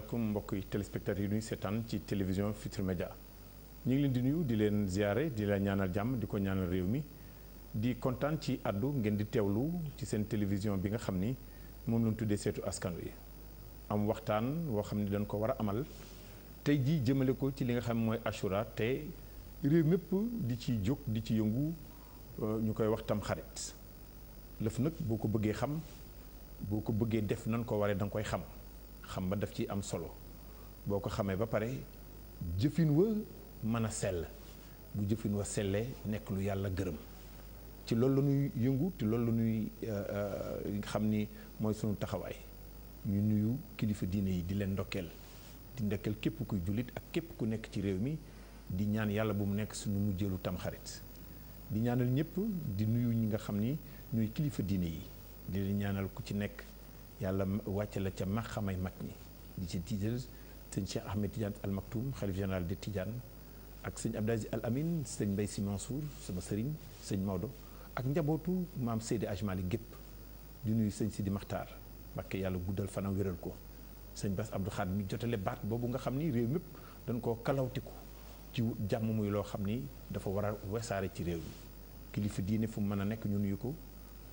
asalaamaaleykum mbokk yi téléspectateurs yi ñuy seetaan ci télévision fitre Médias ñu ngi leen di nuyu di leen ziare di la ñaanal jàmm di ko ñaanal réew mi di kontaan ci addu ngeen di teewlu ci seen télévision bi nga xam ni moom lañ tuddee seetu askan wi am waxtaan woo xam ne dañ ko war a amal tey jii jëmale ko ci li nga xam mooy Achoura te réew mépp di ci jóg di ci yëngu euh, ñu koy wax tam xarit lëf nag boo ko bëggee xam boo ko bëggee def nan ko waree da nga koy xam xam ba daf ci am solo boo ko xamee ba pare jëfin wa mën a sell bu jëfin wa sellee nekk lu yàlla gërëm ci loolu la ñuy yëngu te loolu la euh, euh, xam ni mooy sunu taxawaay ñu nuyu kilifa diine yi di leen ndokkeel di ndokkeel képp kuy jullit ak képp ku nekk ci réew mi di ñaan yàlla bu mu nekk suñu mujjeelu tamxarit di ñaanal ñëpp di nuyu ñi nga xam ni ñooy kilifa diine yi di leen ñaanal ku ci nekk yàlla wàcc la ca ma xamay mag ñi di ci tiital sëñ Cheikh Ahmed Tidiane al Maktoum xalif général de Tidiane ak sëñ Abdou Aziz Al Amin sëñ mbay Sy Mansour sama sëriñ sëñ Maodo ak njabootu maam Seydi Aj Malik gépp di nuyu sëñ Sidi Maxtaar Mbakke yàlla guddal fanam wéral ko sëñ Bass Abdou Khadre mi jotale baat boobu nga xam ni réew mépp dañ koo kalawtiku ci jàmm muy loo xam ni dafa war a wesaare ci réew mi kilifa diine fu mu mën a nekk ñu nuyu ko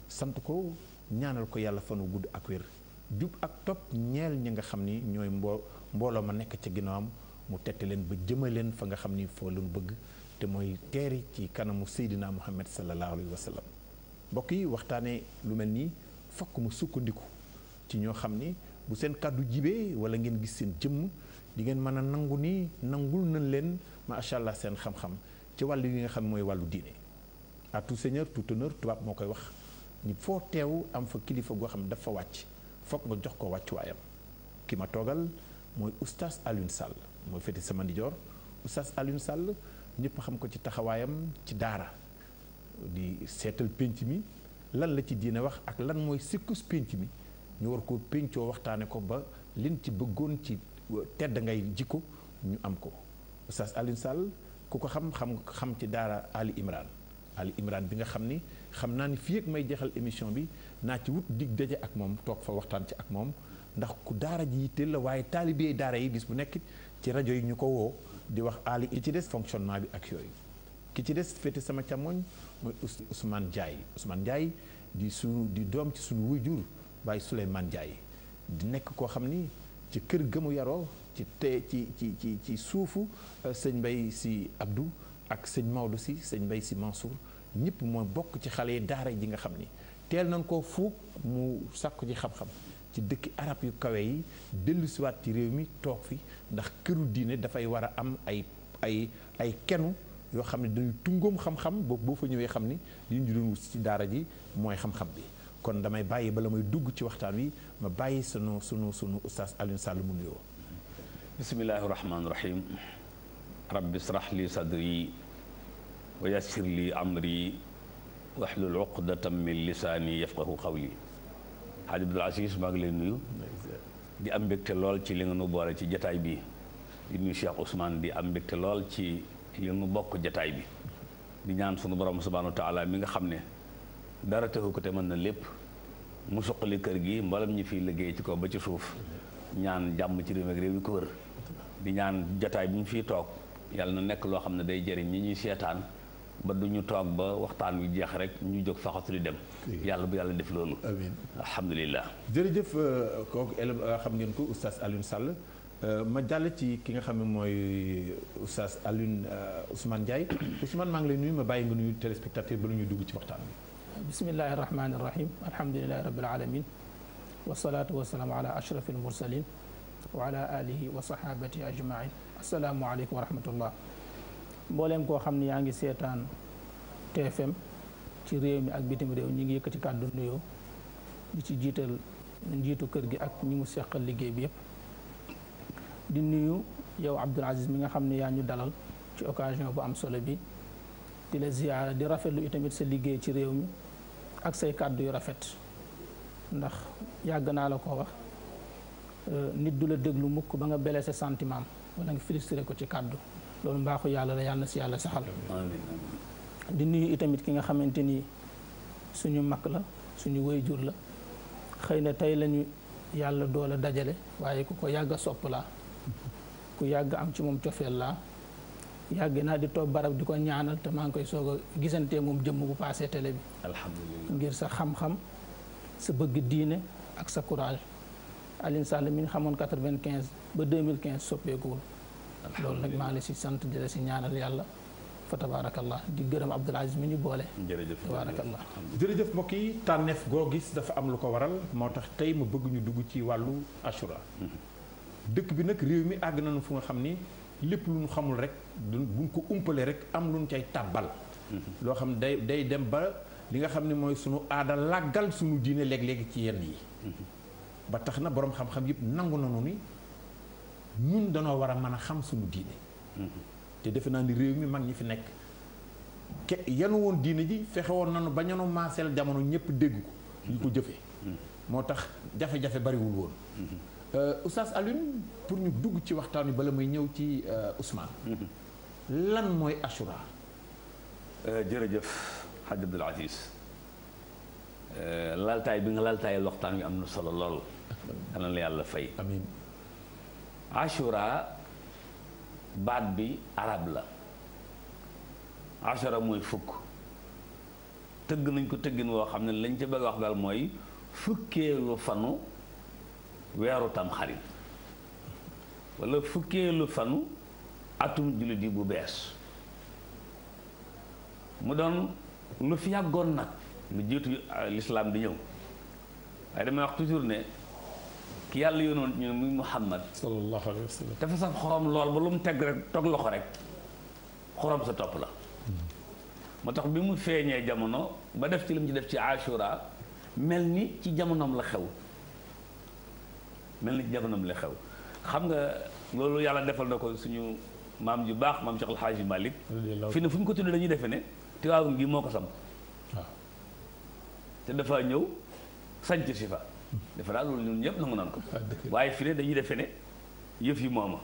sant ko ñaanal ko yàlla fanu gudd ak wér jub ak topp ñeel ñi nga xam ni ñooy mboo mbooloo ma nekk ca ginnaawam mu tette leen ba jëma leen fa nga xam ni foo leen bëgg te mooy teeri ci kanamu Seydina Muhammad sallallahu alayhi wa sallam mbokk yi waxtaanee lu mel nii fokk ma sukkandiku ci ñoo xam ni bu seen kàddu jibee wala ngeen gis seen jëmm di ngeen mën a nangu ni nangul nañ leen macha allah seen xam-xam ci wàll yi nga xam mooy wàllu diine à tout seigneur tubaab moo koy wax ni foo teew am fa kilifa goo xam dafa wàcc. foog nga jox ko wàccuwaayam ki ma toogal mooy oustaz Alioune Sall mooy féete sama ndijoor oustaz Alioune Sall ñëpp xam ko ci taxawaayam ci daara di seetal pénc mi lan la ci diine wax ak lan mooy sikkus pénc mi ñu war ko péncoo waxtaane ko ba lin ci bëggoon ci tedd ngay jikko ñu am ko oustaz Alioune Sall ku ko xam xam xam ci daara Ali Imran Ali Imran bi nga xam ni xam naa ni fii ak may jeexal émission bi naa ci wut dig daje ak moom toog fa waxtaan ci ak moom ndax ku daara ji yitteel la waaye taalibe daara yi bis bu nekk ci rajo yi ñu ko woo di wax aali ki ci des fonctionnement bi ak yooyu ki ci des féete sama càmmoñ mooy Ousmane Ndiaye Ousmane Ndiaye di suñu di doom ci suñu wujur Baye Souleymane Ndiaye di nekk koo xam ni ci kër gëmu yaroo ci te ci ci ci ci suufu euh, sëñ mbay si Abdou ak sëñ Maodo si sëñ mbay si Mansour ñëpp mooy bokk ci xale yi daara ji nga xam ni teel nañ koo fuug mu sàkku ci xam-xam ci dëkki arab yu kawe yi dellusiwaat ci réew mi toog fi ndax këru diine dafay war a am ay ay ay kenu yoo xam ne dañuy tungoom xam-xam boo fa ñëwee xam ni li ñu wut ci daara ji mooy xam-xam bi kon damay bàyyi bala may dugg ci waxtaan wi ma bàyyi sunu sunu sunu oustaz Alioune Sall mu nuyoo. bismillahi rahmaani rahim rabbi israh li sadri wa yassir li amri waxlul uqdatam min lisaani yafqahu qawli Xaaj Abdul Asiis maa ngi leen nuyu di am mbégte lool ci li nga nu boole ci jataay bi di nuyu Cheikh Ousmane di am mbégte lool ci li nu bokk jataay bi di ñaan sunu borom subhaanahu wa mi nga xam ne dara taxu ko te mën na lépp mu suqali kër gi mbalam ñi fiy liggéey ci ko ba ci suuf ñaan jàmm ci réew mi yi ko wër di ñaan jataay bi ñu fi toog yàlla na nekk loo xam ne day jëriñ ñi ñuy seetaan ba du ñu toog ba waxtaan wi jeex rek ñu jóg faxatu di dem. yàlla bu yàlla def loolu. amiin alhamdulilah. jërëjëf euh, kooku élève euh, xam ngeen ko oustaz Alioune Sall euh, ma jàll ci ki nga xam ne mooy oustaz Alioune Ousmane Ndiaye Ousmane maa ngi lay nuyu ma bàyyi nga nuyu téléspectateur ba lu ñuy dugg ci waxtaan bi. bismillahi rahmaani rahim alhamdulilahi rabbil alamin wasalaatu wasalaam ala ashrafil mursalin wa ala alihi wa sahabatihi ajmain asalaamu aleykum wa rahmatullah. mbooleem koo xam ne yaa ngi seetaan TFM ci réew mi ak bitim réew ñi ngi ci kàddu nuyoo di ci jiital njiitu kër gi ak ñi mu seqal liggéey bi yëpp di nuyu yow Abdoul Aziz mi nga xam ne yaa ñu dalal ci occasion bu am solo bi di la ziyaara di rafetlu itamit sa liggéey ci réew mi ak say kàddu yu rafet ndax yàgg naa la ko wax euh, nit du la déglu mukk ba nga belee sa sentiment wala nga frustré ko ci kàddu loolu mbaaxu yàlla la yàlla si yàlla saxal di nuyu itamit ki nga xamante ni suñu mag la suñu jur la xëy na tey lañu yàlla doole dajale waaye ku ko yàgg a sopp laa ku yàgg am ci moom cofeel laa yàgg naa di toog barab di ko ñaanal te maa ngi koy soog a gisantee moom jëmm bu paasee télé bi alhamdulilah ngir sa xam-xam sa bëgg diine ak sa courage Alioune Sall mi ñu xamoon 95 ba 2015 soppeekuwul loolu nag maa ngi si sant di la si ñaanal yàlla fa tabaarakallah di gërëm Abdoul Aziz mi ñu boole. jërëjëf tabaarakallah jërëjëf mbokk yi tànneef goo gis dafa am lu ko waral moo tax tey ma bëgguñu dugg ci wàllu Achoura. Mm-hmm. dëkk bi nag réew mi àgg nañu fu nga xam ni lépp lu ñu xamul rek buñ ko umpalee rek am lu ñu cay tàbbal. Mm-hmm. loo xam day day dem ba li nga xam ne mooy sunu aada làggal sunu diine léeg-léeg ci yenn yi. Mm-hmm. ba tax na boroom xam-xam yëpp nangu nañu ni. ñun danoo war a mën a xam suñu diine. Mm-hmm. te defe naa ni réew mu mag ñi fi nekk ke yanu woon diine ji fexe woon nañu ba ñanu maaseel jamono ñëpp dégg ko. ñu ko jëfe mm-hmm. moo tax jafe-jafe bariwul woon. Mm-hmm. Euh, Oustaz Alioune pour ñu dugg ci waxtaan wi bala may ñëw ci euh, Ousmane. lan mooy Achoura. Euh, jërëjëf Hadj Abdoul Aziz laltaay bi nga laltaayal waxtaan wi am na solo lool. xanaa la yàlla fay. ashura baat bi arab la ashura mooy fukk tëgg nañ ko tëggin woo xam ne lañ ca bëgg wax daal mooy fukkeelu fanu weeru tamxarit wala fukkeelu fanu atum jullit yi bu bees mu doon lu fi yàggoon nag lu jiitu lislaam di ñëw waaye damay wax toujours ne ki yàlla yónnoon ñu muy Muhammad sallallahu alayhi wa sallam dafa saf lool ba lu mu teg rek toog loxo rek xorom sa topp la moo tax bi mu feeñee jamono ba def ci li mu ci def ci Ashura mel ni ci jamonoom la xew mel ni ci jamonoom la xew xam nga loolu yàlla defal na ko suñu maam ju baax maam Cheikh El Hadji Malick fi ne fu ñu ko tudd dañuy defe ne ti Tiwaawan gi moo ko sam ah. te dafa ñëw sanc si defe naa loolu ñun ñëpp nangu naan ko. Ah, waaye fi ne dañuy defe ne yëf yi mooma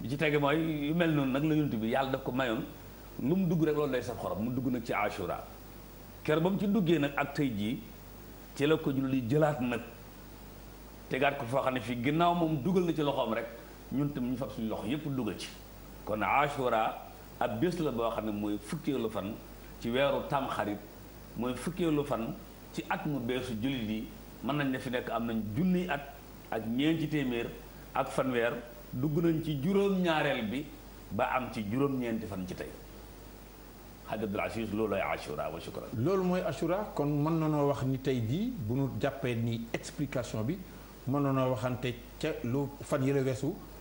bi ci tege mooy yu mel noonu nag la yonent bi yàlla daf ko mayoon lu mu dugg rek loolu day saf xorom mu dugg nag ci Ashura ker ba mu ci duggee nag ak tey jii ci la ko ñu li jëlaat nag tegaat ko foo xam ne fii ginnaaw moom dugal na ci loxoom rek ñun tam ñu fab suñu loxo yëpp dugal ci kon Ashura ab bés la boo xam ne mooy fukkeelu fan ci weeru tamxarit mooy fukkeelu fan ci at mu beesu jullit yi mën nañ ne fi nekk am nañ junniy at ak ñeenti téeméer ak fanweer dugg nañ ci juróom-ñaareel bi ba am ci juróom-ñeenti fan ci tey Hadj Abdoul Aziz loolu mooy Ashura kon mën na noo wax ni tey jii bu nu jàppee ni explication bi mën na noo waxante ca lu fan yële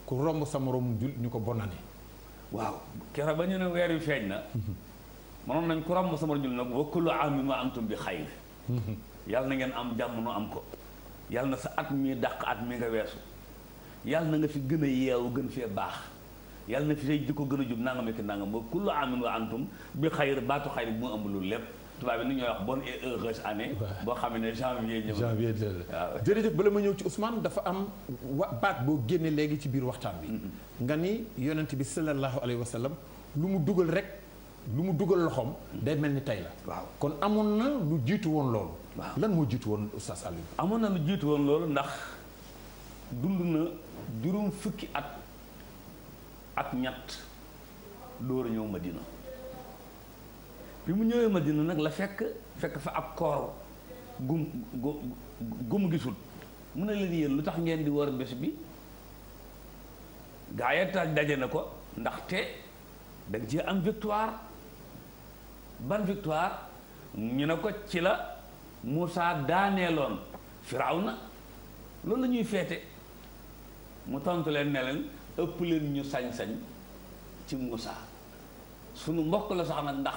ku romb sa moromu jul ñu ko bonane waaw keroog ba ñu ne weer yu feeñ na mënoon nañ ku romb sama moromu jul nag wa kullu aamin wa antum bi xayr yàlla na ngeen am jàmm nu am ko yàlla na sa at mi daq at mi nga weesu yàlla na nga fi gën a yeewu gën fee baax yàlla na fi say jikko gën a jub naa ak nangam ba kullu amin wa antum bi xayr baatu xayr bi mu ëmb lu lépp tubaab yi ni ñooy wax bonne et heureuse année. boo xam ne janvier ñëw janvier waaw ah jërëjëf bala ma ñëw ci Ousmane dafa am baat boo génne léegi ci biir waxtaan bi. nga ni yonent bi sallallahu alayhi wa sallam lu mu dugal rek. lu mu dugal loxoom day mel ni tey la. waaw kon amoon na lu jiitu woon loolu. lan moo jiitu woon Oustaz Alioune. amoon na lu jiitu woon loolu ndax dund na juróom fukki at ak ñett door ñëw ma Madina bi mu ñëwee ma Madina nag la fekk fekk fa ab koor gum gum gisul mun na leen yéen lu tax ngeen di war bés bi gaa ya daje na ko ndaxte da nga cee am victoire. ban victoire ñu ne ko ci la Moussa daaneeloon na loolu la ñuy feete mu tontu leen ne leen ëpp leen ñu sañ-sañ ci Moussa sunu mbokk la sax nag ndax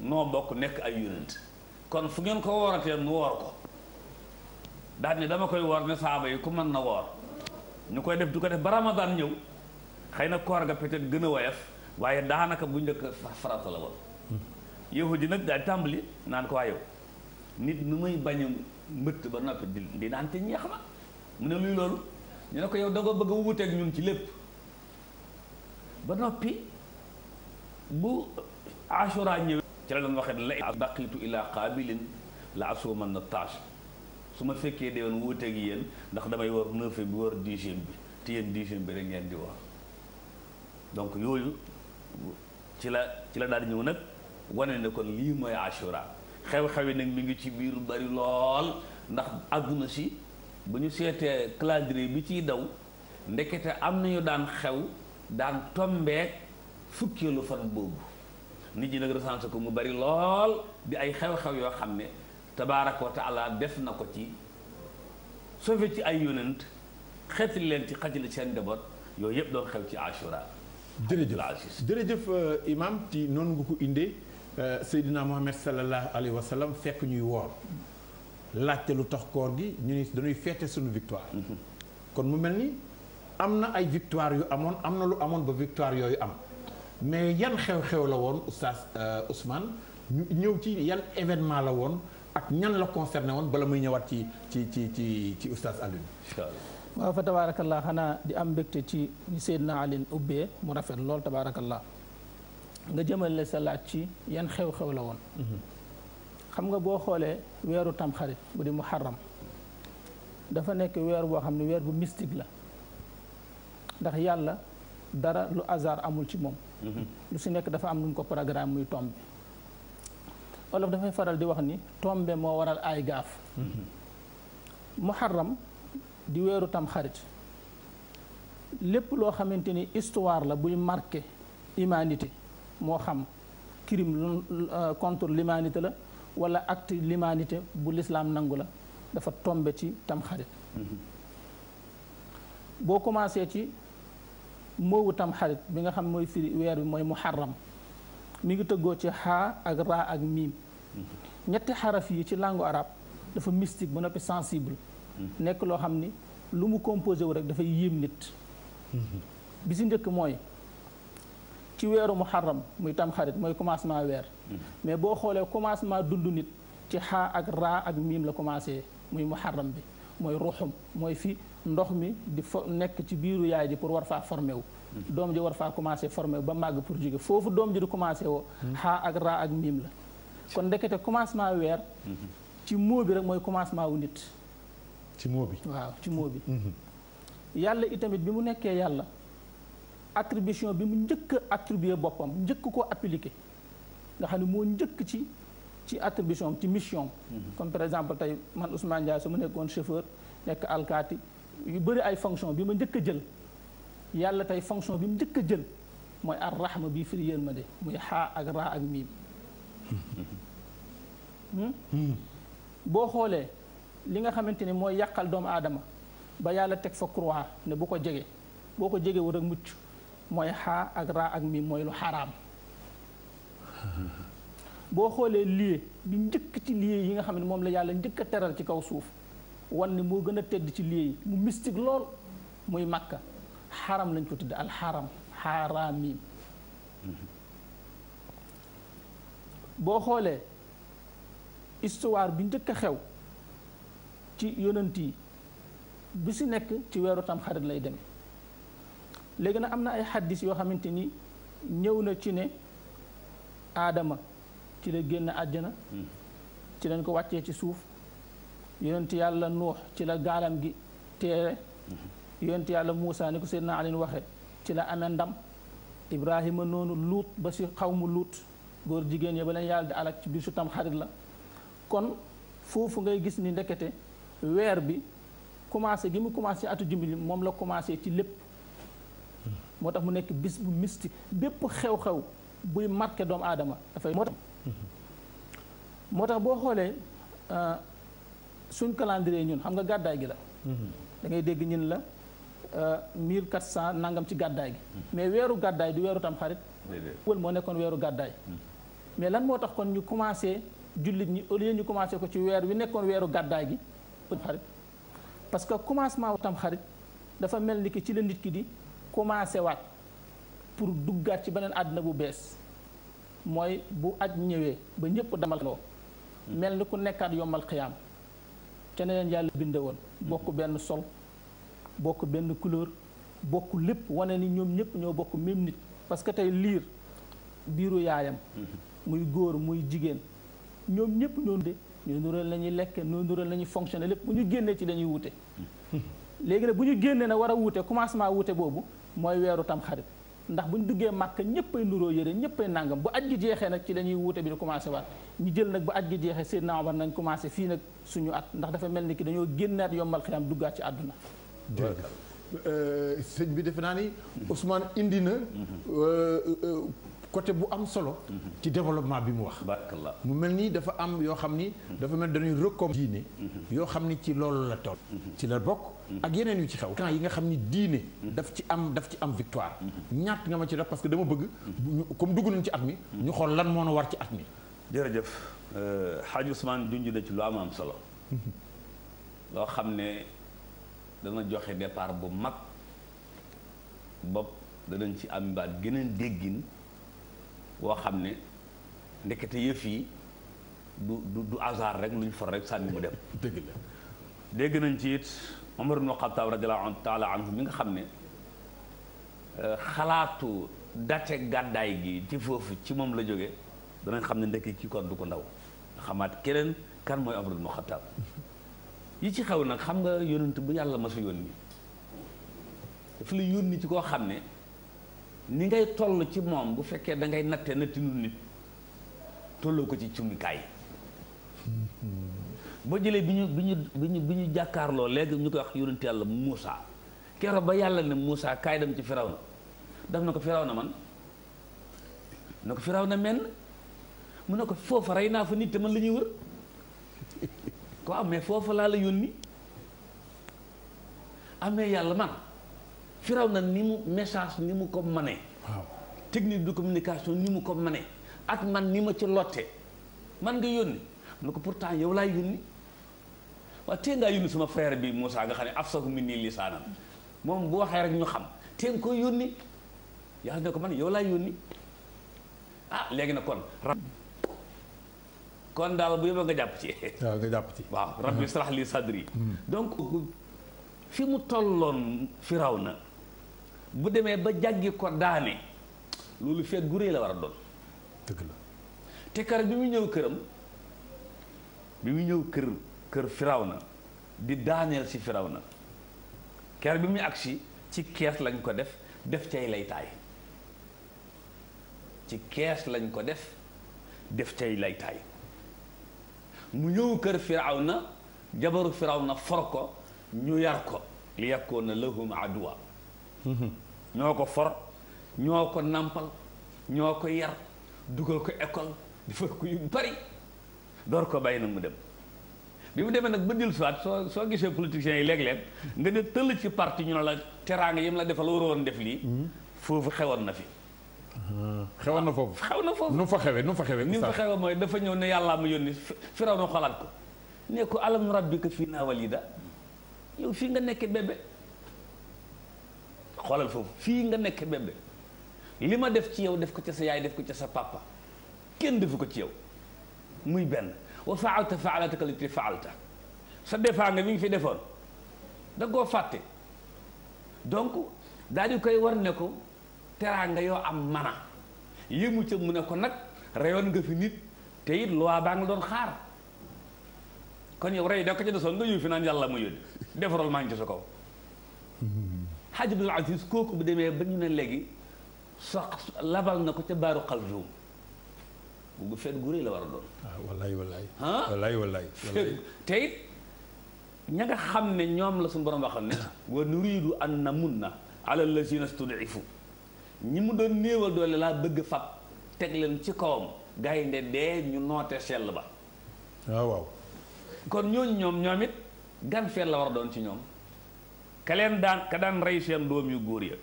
noo bokk nekk ay yonent kon fu ngeen ko wooratee nu woor ko daal ni dama koy woor ne saaba yi ku mën na woor ñu koy def du ko def ba Ramadan ñëw xëy na kor ga peut gën a woyof waaye daanaka bu njëkk farata la woon yahudi nag daal tàmbali naan ko waa yow nit nu muy bañ mbëtt ba noppi di di naan te ñeex ma mu ne luy loolu ñu ne ko yow da bëgg a wuuteeg ñun ci lépp ba noppi bu asura ñëwee ci la doon waxee la baqitu ila qaabilin la asuuman na taas su ma fekkee de woon wuuteeg yéen ndax damay war neufe bi war dixième bi te yéen dixième bi rek ngeen di war yooyu ci la ci la daal ñëw nag wane ne kon lii mooy Ashura xew-xew yi nag mu ngi ci biir bari lool ndax àdduna si bu ñu seetee calendrier bi ciy daw ndekete am nañu daan xew daan tombeek fukkeelu fan boobu nit ñi nag recensé ko mu bari lool di ay xew-xew yoo xam ne tabaaraka wa taala def na ko ci sofe ci ay yonent xeetali leen ci xajali seen njaboot yooyu yëpp doon xew ci Ashura jërëjëf jërëjëf euh, imam ci noonu nga ko indee Euh, Seydina Mohamed sallallahu alayhi wa sallam fekk ñuy woor laajte lu tax koor gi ñu ni dañuy feete suñu victoire mm-hmm. kon mu mel ni am na ay victoire yu amoon am na lu amoon ba victoire yooyu am mais yan xew-xew la woon oustaz euh, Ousmane ñëw ci yan événement la woon ak ñan la concerné woon bala muy ñëwaat ci ci ci ci ci oustaz Alioune waaw fa tabarakallah xanaa di am mbégte ci Seydina Alioune ubbee mu rafet lool tabarakallah nga jëmale sa laaj ci yan xew-xew la woon xam nga boo xoolee weeru tamxarit bu di muharram dafa nekk weer boo xam ne weer bu mystique la ndax yàlla dara lu hasard amul ci moom lu si nekk dafa am nu ko programme muy tombe olof dafay faral di wax ni tombe moo waral ay gaaf muharram di weeru tamxarit lépp loo xamante ni histoire la buy marqué humanité moo xam crime euh, contre l'humanité la wala acte l'humanité bu l'islam nangu la dafa tombe ci tamxarit mm-hmm. boo commencé ci moowu tamxarit bi nga xam mooy firi weer bi mooy muharram mu ngi tëggoo ci xaa ak raa ak miim mm-hmm. ñetti xaraf yi ci langu arabe dafa mystique ba noppi sensible mm-hmm. nekk loo xam ni lu mu composé wu rek dafay yéem nit bi si njëkk mooy ci weeru muharram muy tamxarit mooy commencement weer mais boo xoolee commencement dund nit ci xaa ak raa ak miim la commencé muy muharram bi mooy ruxum mooy fi ndox mi di fo nekk ci biiru yaay ji pour war faa formé wu doom ji war faa commencé formé wu ba màgg pour jóge foofu doom ji di commencé woo ak miim la kon ndekete commencement weer ci moo bi rek mooy commencement wu nit ci moo bi waaw ci moo bi mhm. yàlla itamit bi mu nekkee yàlla attribution bi mu njëkk a boppam njëkk ko appliquer nga xam ne moo njëkk ci ci attribution ci mission mhm. comme par exemple tey man Ousmane Ndiaye su ma nekkoon chauffeur nekk alkaati yu bëri ay fonction bi ma njëkk a jël yàlla tey fonction bi mu njëkk a jël mooy ar rahma bi ma de muy xaa ak raa ak miim hmm? Hmm. boo xoolee li nga xamante ni mooy yàqal doomu aadama ba yàlla teg fa croix ne bu ko jege boo ko jegewul rek mucc mooy xaa ak raa ak mi mooy lu xaraam boo xoolee lie bi njëkk ci lieu yi nga xam ne moom la yàlla njëkk a teral ci kaw suuf wan ne moo gën a tedd ci lieu yi mu mystique lool muy makk xaram lañ ko tudde alxaram xaaraamiim boo xoolee histoire bi njëkk a xew ci yonent yi bi si nekk ci weeru tam xarit lay demee léegi nag am na ay xaddis yoo xamante ni ñëw na ci ne aadama ci la génn àjjana hmm. ci lañ ko wàccee ci suuf yonent yàlla nuux ci la gaalam gi teere hmm. yonent yàlla Muusa ni ko Seydina Alin waxe ci la amee ndam Ibrahima noonu luut ba si xaw mu luut góor jigéen ñi ba leen yàlla di alak ci bisu tam xarit la kon foofu ngay gis ni ndekete weer bi commencé gi mu commencé atu jumbili moom la commencé ci lépp moo tax mu nekk bis bu mystique bépp xew-xew buy marqué doomu aadama dafay moo tax moo tax boo xoolee euh, suñ calendrier ñun xam nga gàddaay gi la da ngay dégg ñun la euh, miir quatre cent nangam ci gàddaay gi mais weeru gàddaay di weeru tamxarit wël moo nekkoon weeru gàddaay mais lan moo tax kon ñu commencé jullit ñi au lieu ñu commencé ko ci weer wi nekkoon weeru gàddaay gi xarit parce que commencement tam xarit dafa mel ni ki ci la nit ki di commencé waat pour duggaat ci beneen àddina bu bees mooy bu aj ñëwee ba ñëpp damal mel ni ku nekkaat yombal xiyaam ca ne leen yàlla binde woon bokk benn sol bokk benn couleur bokk lépp wane ni ñoom ñëpp ñoo bokk même nit parce que tey liir biiru yaayam muy góor muy jigéen ñoom ñëpp ñoo de ñoo nural la ñuy lekke ñoo nural la ñuy fonctionner lépp bu ñu génnee ci la wute hmm. léegi nag bu ñu génnee na war a wute commencement wute boobu mooy weeru tamxarit ndax bu ñu duggee màkk ñëppay nuroo yére ñëppay nangam bu aj gi jeexee nag ci la ñuy wuute bi di commencé waat ñu jël nag bu aj gi jeexee Seydina Omar nañ commencé fii nag suñu at ndax dafa mel ni ki dañoo génnaat yombal xiyaam duggaat ci àdduna euh, sëñ bi defe naa ni Ousmane indi na mm-hmm. euh, euh, côté bu am solo. ci développement bi mu wax. mu mel nii dafa am yoo xam ni. dafa mel dañuy recomm diine. yoo xam ni ci loolu la toll. ci la bokk. ak yeneen yu ci xew. kan yi nga xam ni diine. daf ci am daf ci am victoire. ñaat nga ma ci def parce que dama bëgg. comme dugg nañ ci at mi. ñu xool lan moo nu war ci at mi. jërëjëf euh, Hadj Ousmane junj na ci lu am am solo. loo xam ne dana joxe départ bu mag bopp danañ ci am baat geneen déggin. woo xam ne ndekete yëf yi du du du rek lu ñu rek sànni mu dem. dëgg la dégg nañ ci it Omar ibn Khattab radiyallahu taala anhu mi nga xam ne euh, xalaatu date gàddaay gi ci foofu ci moom la jóge danañ xam ne ndekk kii kon du ko ndaw xamaat keneen kan mooy Omar ibn Khattab yi ci xew nag xam nga yónent bu yàlla ma su yónni daf la yónni ci koo xam ne. ni ngay toll ci moom bu fekkee dangay nattee natte nattinu nit tolloo ko ci cumikaay boo jëlee bi ñu bi ñu bi ñu bi ñu jàkkaarloo léegi ñu koy wax yonent yàlla Moussa keroog ba yàlla ne Moussa kaay dem ci firaw na daf na ko firaw na man na ko firaw na menn mu ne ko foofa rey naa fa nit te man la ñuy wër ko amee ah, foofa laa la yónni amee ah, yàlla man firaw na ni mu message ni mu ko mane waaw technique de communication ni mu ko mane ak man ni ma ci lotte man nga yónni mu ne ko pourtant yow laay yónni waaw tee ngaa yónni sama frère bi Moussa nga xam ne af saku lisaanam moom bu waxee rek ñu xam tee nga koy yónni yàlla ne ko man yow laay yónni ah léegi na kon kon daal bu yóbbu nga jàpp ci waaw nga jàpp ci waaw rabbi hmm. donc fi mu tolloon firaw na bu demee ba jàggi ko daane loolu feet gu rëy la war a doon te kar bi mu ñëw këram bi mu ñëw kër kër Firawna di daaneel ci Firawna kar bi muy agsi ci kees lañ ko def def cay laytaay ci kees lañ ko def def cay laytaay mu ñëw kër na jabaru Firawna for ko ñu yar ko li yakkoona lahum aduwa ñoo ko for ñoo ko nàmpal ñoo ko yar dugal ko école dafa ko yu bari door ko bàyyi nag mu dem bi mu demee nag ba dil soit soo soo gisee politiciens yi léeg-léeg nga ne tëll ci parti ñu ne la teraanga yim la defal waroo woon def lii mhm. foofu xewoon na fi ah, xewoon na foofu xew na foofu nu fa xewee nu fa xewe ni mu fa xewe mooy dafa ñëw ne yàllaa ma yónni firaw na xalaat ko ne ko alam rabbika fii naa walida yow fii nga nekke bébé xoolal foofu fii nga nekk bébé li ma def ci yow def ko ca sa yaay def ko ca sa pàppa kenn defu ko ci yow muy benn wa faalta faalataka lati faalta sa defaa nga mi ngi fi defoon da koo fàtte donc daal di koy war te ko nga yoo am mana yëmu ca mu ne ko nag reyoon nga fi nit te it loi baa nga doon xaar kon yow rey da ko ca desoon nga yuy fi naan yàlla ma yónni defaral maa ngi ci sa Hadj Abdoul Aziz kooku bu demee ba léegi sax labal na ko ca baaru xaldoom bu fet gu rëy la war a doon. waaw ah, wallaay wallaay. ah te ña nga xam ne ñoom la suñu borom waxoon ne. wa nuriidu an namunna ala allazina studifu ñi mu doon néewal doole laa bëgg fab teg leen ci kawam gaynde dee ñu noote sell ba. waaw ah, waaw. kon ñooñu ñoom ñoomit it gan feet la war a doon ci ñoom. ka leen daan ka daan rey seen doom yu góor ya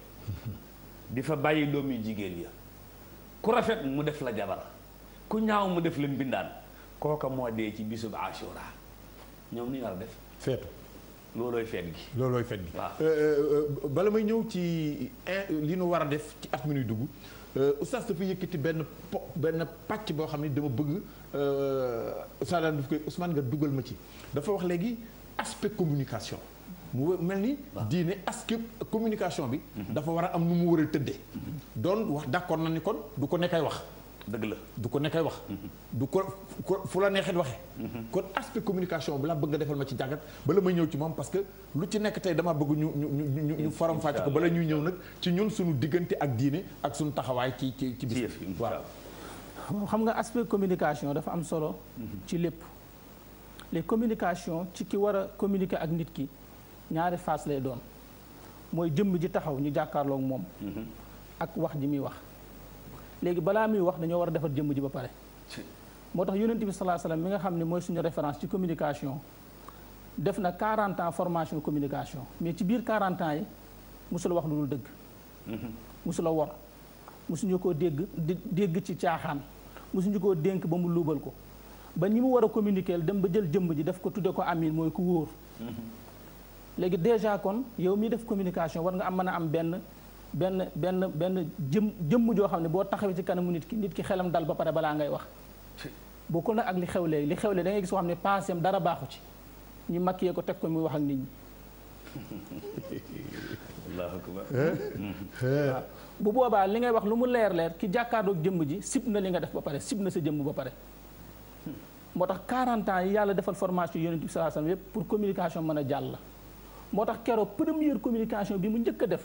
di fa bàyyi doom yu jigéen ya ku rafet mu def la jabar ku ñaaw mu def la mbindaan kooka moo dee ci bisub Ashura ñoom ni ñu war a def feetu loolooy feet gi loolooy feet gi waaw euh, euh, bala may ñëw ci eh, li nu war a def ci at mi nuy dugg euh, oustaz dafa yëkkati benn po benn pàcc boo xam ne dama bëgg oustaz daan daf koy Ousmane nga dugal ma ci dafa wax léegi aspect communication mu mel ni diine ask communication bi mhm. dafa war a am nu mu war a mhm. doon wax d'accord na ni kon du ko nekkay wax dëgg la du ko nekkay wax mhm. du ko fu la neexee waxee kon aspect communication bi la bëgg nga defal ma ci jàngat bala may ñëw ci moom parce que lu ci nekk tey dama bëgg ñu ñu ñu faram fàcc ko bala ñuy ñëw nag ci ñun suñu diggante ak diine ak suñu taxawaay ci ci ci bis waaw xam nga aspect communication dafa am solo ci lépp les communication ci ki war a communiquer ak nit ki ñaari phase lay doon mooy jëmm ji taxaw ñu jàkkaarlook moom mhm. ak wax ji muy wax léegi balaa muy wax dañoo war a defar jëmm ji ba pare moo tax yonent bi salaa salaam mi nga xam ne mooy suñu référence ci communication def na 40 ans formation communication mais ci biir 40 ans yi musula wax lu dul dëgg mhm. musula wor musuñu koo dégg dégg ci caaxaan musuñu koo dénk ba mu luubal ko ba ñi mu war a communiquer dem ba jël jëmm ji daf ko tudde ko amin mooy ku wóor mhm. léegi déjà kon yow mi def communication war nga am mën a am benn benn benn benn jëm jëmm joo xam ne boo taxawee ci kanamu nit ki nit ki xelam dal ba pare balaa ngay wax bokkul nag ak li xew léegi li xew léegi da ngay gis koo xam ne paaseem dara baaxu ci ñu makkiyee ko teg ko muy wax ak nit ñi ah, bu boobaa li ngay wax lu mu leer leer ki jàkkaarloog jëmm ji sib na li nga def ba pare sib na sa jëmm ba pare hmm. moo tax 40 ans yi yàlla defal formation yonent bi sallallahu pour communication mën a jàll la moo tax keroog première communication bi mu njëkk a def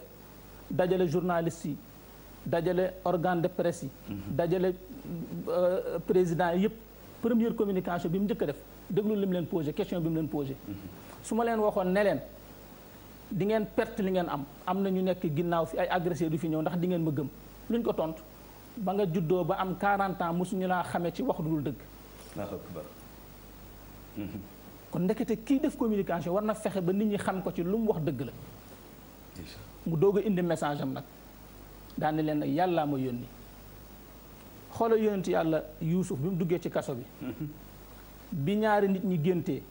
dajale journaliste yi dajale organ de presse yi. Mhm. dajale euh, président yëpp première communication bi mu njëkk a def déglu lu mu leen posé question bi mu leen posé. Mhm. su ma leen waxoon ne leen di ngeen perte li ngeen am am na ñu nekk ginnaaw fi ay agresseurs yu fi ñëw ndax di ngeen ma gëm luñ ko tontu ba nga juddoo ba am 40 ans mosuñu laa xamee ci wax lu dul dëgg. kon ndekete kii def communication war na fexe ba nit ñi xam ko ci lu mu wax dëgg la mu doog a indi message am nag daane leen nag yàllaa ma yónni xoola yónent yàlla yuusuf bi mu duggee ci kaso bi mm-hmm. bi ñaari nit ñi géntee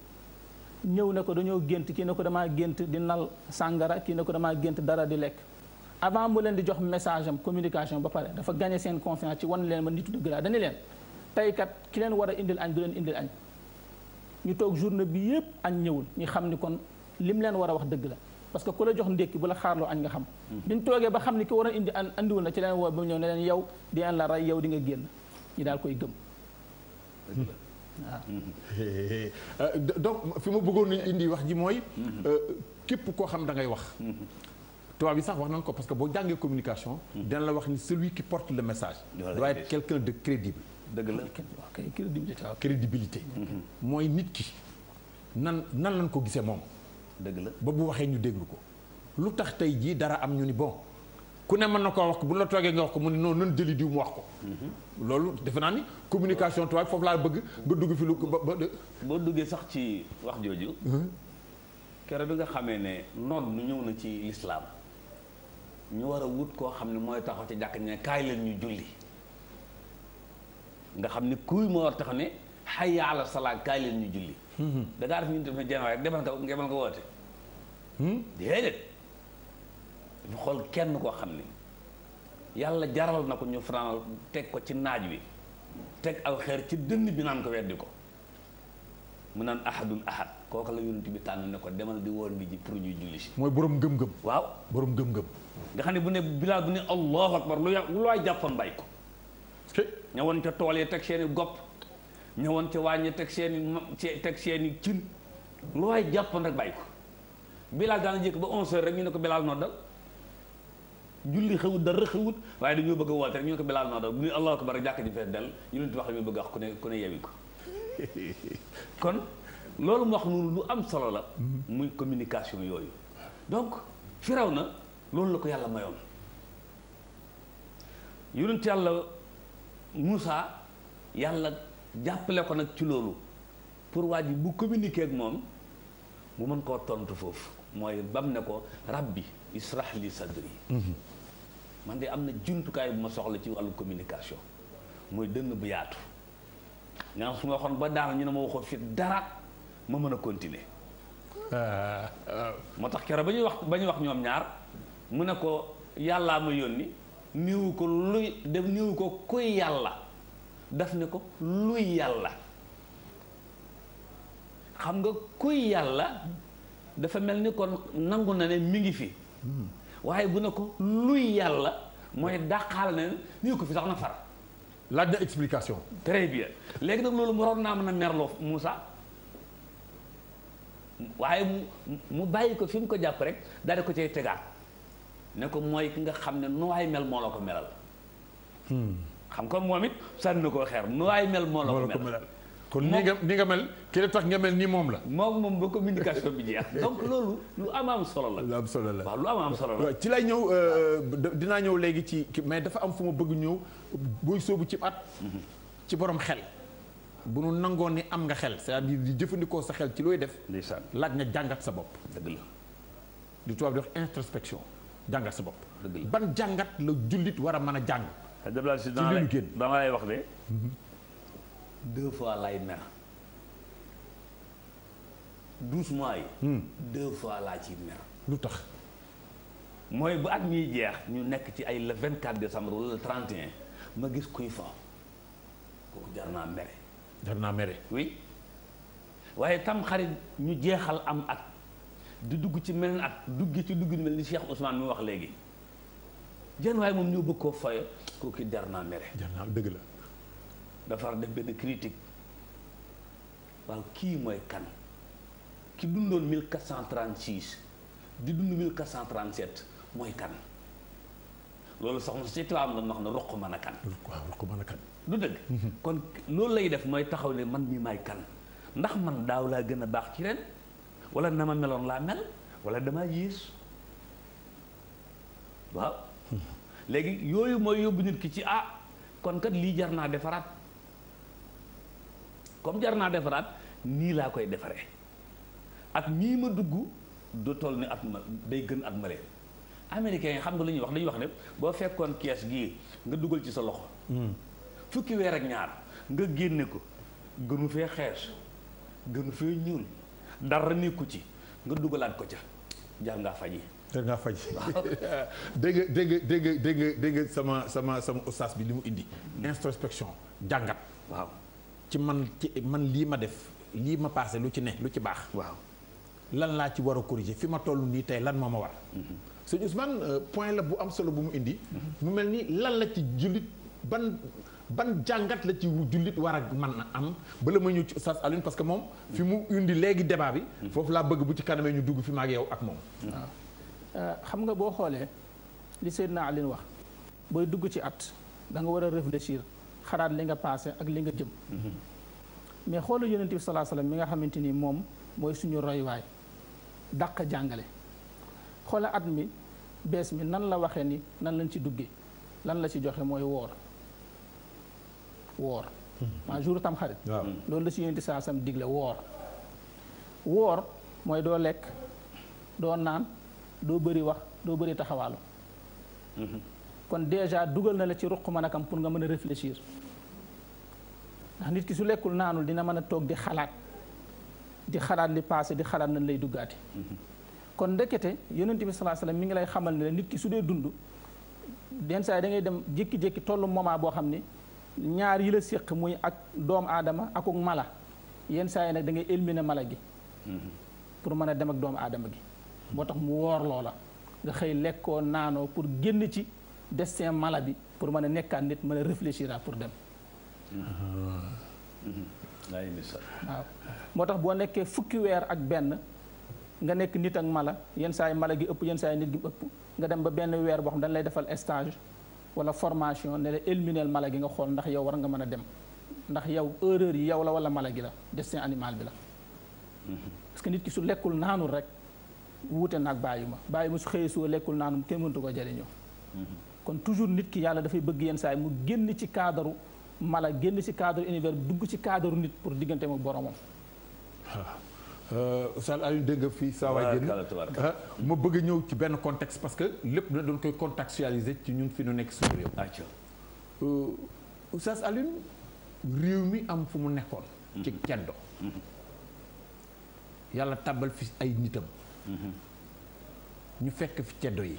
ñëw ne ko dañoo gént kii ne ko damaa gént di nal sàngara kii ne ko damaa gént dara di lekk avant mu leen di jox message am communication ba pare dafa gagné seen confiance ci wan leen ma nitu dëgg laa dañu leen tey kat ki leen war a indil añ leen indil añ ñu toog na bi yépp añ ñëwul ñu xam ni kon li mu leen war a wax dëgg la parce que ku la jox ndékki bu la xaarloo añ nga xam hmm. biñ toogee ba xam ni ki war a indi an andiwul na ci leen woo ba mu ñëw ne leen yow di an la rey yow di nga génn ñu daal koy gëm hmm. euh, donc fi ma bëggoon nañ indi wax ji mooy hmm. euh, képp koo xam da ngay wax tubaab bi sax wax nañ ko parce que boo jàngee communication dina la wax ni celui qui porte le message doit être quelqu'un de crédible dëgg la crédibilité waaw crédibilité. Mm-hmm. mooy nit ki nan nan lañ ko gisee moom. dëgg la ba bu waxee ñu déglu ko. lu tax tey jii dara am ñu ni bon ku ne mën na koo wax bu la toogee nga wax ko mu ne noonu nan jëli diw wax ko. Mm-hmm. loolu defe naa ni communication tubaab foofu laa bëgg nga dugg fi lu ba ba. boo duggee sax ci wax jooju. Mm-hmm. bi nga xamee ne noonu nu ñëw na ci lislaam ñu war a wut koo xam ne mooy taxaw ci jàkk ne kaay leen ñu julli. nga xam ne kuy moo war tax ne hayya ala salaat kaay leen ñu julli. Hmm. da ngaa def ñu def ne jana rek demal ko demal ko kenn koo xam ne yàlla jaral na ko ñu fanaanal teg ko ci naaj wi teg aw xeer ci dënn bi naan ko weddi ko mu naan ahadun ahad kooku la yonent bi tànn ne ko demal di woon bi pour ñuy julli si mooy boroom gëm-gëm waaw borom gëm-gëm nga xam ne bu ne bilaal bu ne allahu akbar lu lu waay jàppoon bay ko ñëwoon ca tool yi teg seen i gopp ñëwoon ca wàññi teg seen i teg seeni i cin lu waay jàppoon rek bàyyi ko bilaal daana jékk ba onze rek ñu ne ko bilaal noddal julli xewut dara xewut waaye dañoo bëgg a woote rek ñu ne ko bilaal noddal bu ñu allahu akbar rek jàkk ji fees dell ñu leen di wax la ñu bëgg ko kon loolu mu wax noonu lu am solo la mm-hmm. muy communication yooyu donc firaw na loolu la ko yàlla mayoon yonent yàlla Moussa yàlla jàppale ko nag ci loolu pour waa ji bu communiqué ak moom mu mën koo tontu foofu mooy bam ne ko rabbi israh li sadri mhm. man de am na jumtukaay bu ma soxla ci wàllu communication mooy dënn bu yaatu nga su nga xoon ba daal ñu ne ma waxoo fi dara ma mën a continuer moo tax keroog ba ñuy wax ba ñuy wax ñoom ñaar mu ne ko yàllaa ma yónni néewu ko luy def néewu ko kuy yàlla daf ne ko luy yàlla xam nga kuy yàlla dafa mel ni kon nangu na ne mu ngi fi waaye bu ne ko luy yàlla mooy dàqaal na ne ko fi sax na far laaj na explication très bien léegi nag loolu waroon naa mën a merloo Moussa waaye mu mu bàyyi ko fi mu ko jàpp rek daal di ko cay tegaat ne ko mooy ki nga xam ne nu waay mel moo la ko melal. Hmm. xam kon moom it sànni na koo xeer nu waay mel moo la ko melal. kon ni nga ni nga mel ki la tax nga mel ni moom la. moom moom ba communication bi jeex donc loolu lu am am solo la. lu am solo la waaw lu am am solo la. ci lay ñëw euh, dinaa ñëw léegi ci mais dafa am fu ma bëgg ñëw booy sóobu ci at. Mhm. ci borom xel. bu nu nangoon ni am nga xel c'est-à-dire di jëfandikoo sa xel ci looy def. laaj nga jàngat sa bopp. dëgg la di tubaab di wax introspection. jàngat sa bopp. ban jàngat la jullit war a mën a jàng. ci li génn dama lay wax de. deux fois lay mer. douze mois yi. Hmm. deux fois laa ci mer. lu tax. mooy bu at ñuy jeex ñu nekk ci ay le vingt quatre décembre wala le trente un ma gis kuy faaw kooku jar naa mere. jar naa mere. waaye tam xarit ñu jeexal am at. di dugg ci meneen at dugg ci dugg mel ni Cheikh Ousmane mi wax léegi jenn waaye moom ñoo bëgg koo faye kooku der naa mere jar dëgg la dafa def benn critique waaw kii mooy kan ki dundoon 1436 di dund mil 1437 mooy kan loolu sax mu si na la wax na roq mën a kan waaw roq mën a kan du dëgg mhm. kon loolu lay def mooy taxaw ne man mi may kan ndax man daaw laa gën a baax ci ren wala na ma meloon laa mel wala damaa yées waaw léegi yooyu mooy yóbbu nit ki ci ah kon kat lii jar naa defaraat comme jar naa defaraat nii laa koy defaree ak ñii ma dugg du toll ni at ma day gën at ma leen américains yi xam nga lu ñuy wax dañuy wax ne boo fekkoon kees gii nga dugal ci sa loxo hmm. fukki weer ak ñaar nga génne ko gënu fee xees gënu fee ñuul dara nekku ci nga dugalaat ko ca jar ngaa faji jar ngaa faj dégg nga dégg nga dégg nga dégg nga sama sama sama ustaas bi li mu indi hmm. introspection jàngat waaw ci man ci man lii ma def lii ma paase lu ci ne lu ci baax waaw lan laa ci war a corriger fi ma toll nii tey lan moo ma war hmm. sëñ Ousmane euh, point la bu am solo bu mu indi hmm. mu mel ni lan la ci jullit ban ban jàngat la ci jullit war a mën na am ba bala ma ñu ci Oustaz Alioune parce que moom fi mu indi léegi débat bi foofu laa bëgg bu ci kanamee ñu dugg fi maag yow ak moom waaw ah. euh, xam nga boo xoolee li naa Alioune wax booy dugg ci at da nga war a réfléchir xalaat li nga passé ak li nga jëm mm-hmm. mais xoolal yonent bi salaa salaam mi nga xamante ni moom mooy suñu roywaay daq jàngale xoola at mi bees mi nan la waxee ni nan lañ ci duggee lan la ci joxe mooy woor woor hmm. maa jour tam xarit loolu la si yonent saa sam digle woor woor mooy doo lekk doo naan doo bëri wax doo bëri taxawaalu hmm. kon déjà dugal na la ci ruq mën akam pour nga mën a réfléchir ndax nit ki su lekkul naanul dina mën a toog di xalaat di xalaat li paase di xalaat nañ lay duggaati hmm. kon ndekete yonent bi salaa salaam mi ngi lay xamal ne la nit ki su dee dund den saa yi da ngay dem jékki-jékki tollu moment boo xam ni ñaar yi la séq muy ak doomu aadama akuk mala yenn saa yi nag dangay ngay mala gi pour mën a dem ak doomu aadama gi moo tax mu woor la nga xëy lekkoo naanoo pour génn ci destin mala bi pour mën a nekkaat nit mën a réfléchir pour dem waaw moo tax boo nekkee fukki weer ak benn nga nekk nit ak mala yenn saa yi mala gi ëpp yenn saa yi nit gi ëpp nga dem ba benn weer boo xam dañ lay defal stage wala formation ne la mala gi nga xool ndax yow war nga mën a dem ndax yow erreur yi yow la wala mala gi la destin animal bi la parce que nit ki su lekkul naanul rek wuute naag bàyyi ma bàyyi ma su xëyee soo lekkul naanum kenn mëntu ko jëriñoo kon toujours nit ki yàlla dafay bëgg yenn saa mu génn ci cadre mala génn ci cadre univers dugg ci cadre nit pour diggante mu boromam Oustaz euh, Alioune dégg nga fii saa waay génn ah, ma bëgg ñëw ci benn contexte parce que lépp na doon koy contextualiser ci ñun fi nu nekk suñu réew euh, Oustaz Alioune réew mi am fu mu nekkoon mm-hmm. ci ceddo mm-hmm. yàlla tàbbal fi ay nitam mm-hmm. ñu fekk fi ceddo yi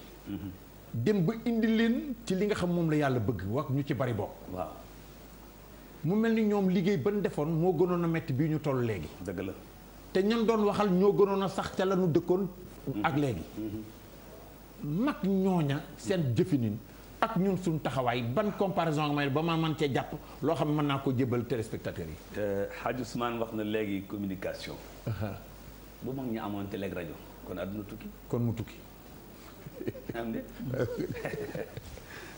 dem ba indi leen ci li nga xam moom la yàlla bëgg wax ñu ci bari bokk waaw mu mel ni ñoom liggéey ban defoon moo gënoon a metti bii ñu toll léegi la te ñan doon waxal ñoo gënoon a sax ca la dëkkoon ak léegi mag ñooña seen jëfinin ak ñun suñu taxawaay ban comparaison nga may ba ma man cee jàpp loo xam ne mën naa ko jébal téléspectateurs yi. Euh, Hadj Ousmane wax na léegi communication. bu mag ñu amoon télé rajo kon àdduna tukki. kon mu tukki. am de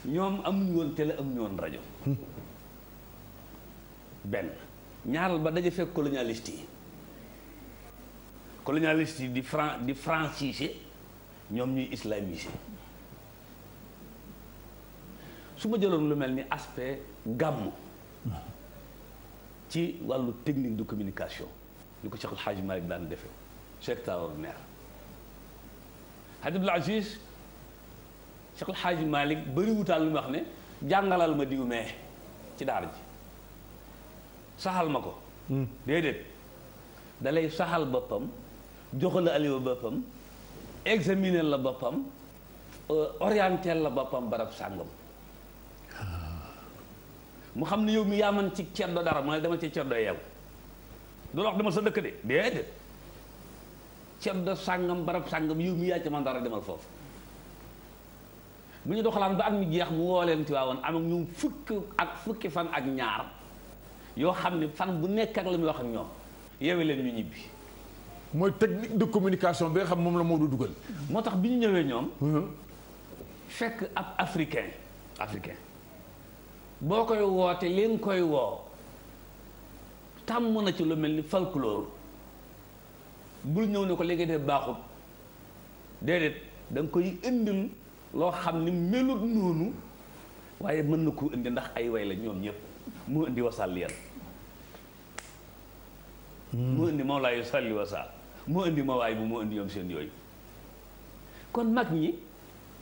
ñoom woon télé amuñu woon rajo. Hmm. benn ñaaral ba daje fekk colonialiste yi. colonialiste yi di fran di ñoom ñuy islamisé su ma jëloon lu mel ni aspect gàmm ci wàllu technique de communication ñu ko Cheikh El Hadj Malick daan defe c'est extraordinaire Hadj Abdoul Aziz Cheikh El Hadj Malick lu mu wax ne jàngalal ma diw mee ci daar ji saxal ma ko hmm. déedéet dalay saxal boppam joxal la aliwa boppam examiner la boppam euh, orienter la boppam barab sàngam mu xam ne yow mi yaa man ci ceddo dara mooy dama ci ceddo yow du la wax dama sa dëkk de déedéet ceddo sàngam barab sàngam yow mi yaa ci man dara demal foofu mu ñu doxalaan ba at mi jeex mu woo leen Tiwaawan am ak ñoom fukk ak fukki fan ak ñaar yoo xam ne fan bu nekk ak la muy wax ak ñoom yewe leen ñu ñibbi mooy technique de communication bi nga xam moom la Maodo dugal. moo tax bi ñu ñëwee ñoom. Uh-huh. fekk ab africain africain boo koy woote li nga koy woo tàmm na ci lu mel ni folklore bul ñëw ne ko léegi def baaxut déedéet da koy indil loo xam ni melut noonu waaye mën na koo indi ndax ay way la ñoom ñëpp moo indi wasaal yan hmm. moo indi Mawlaay salli wasaal moo indi ma waay bu moo indi yoon seen yooyu kon mag ñi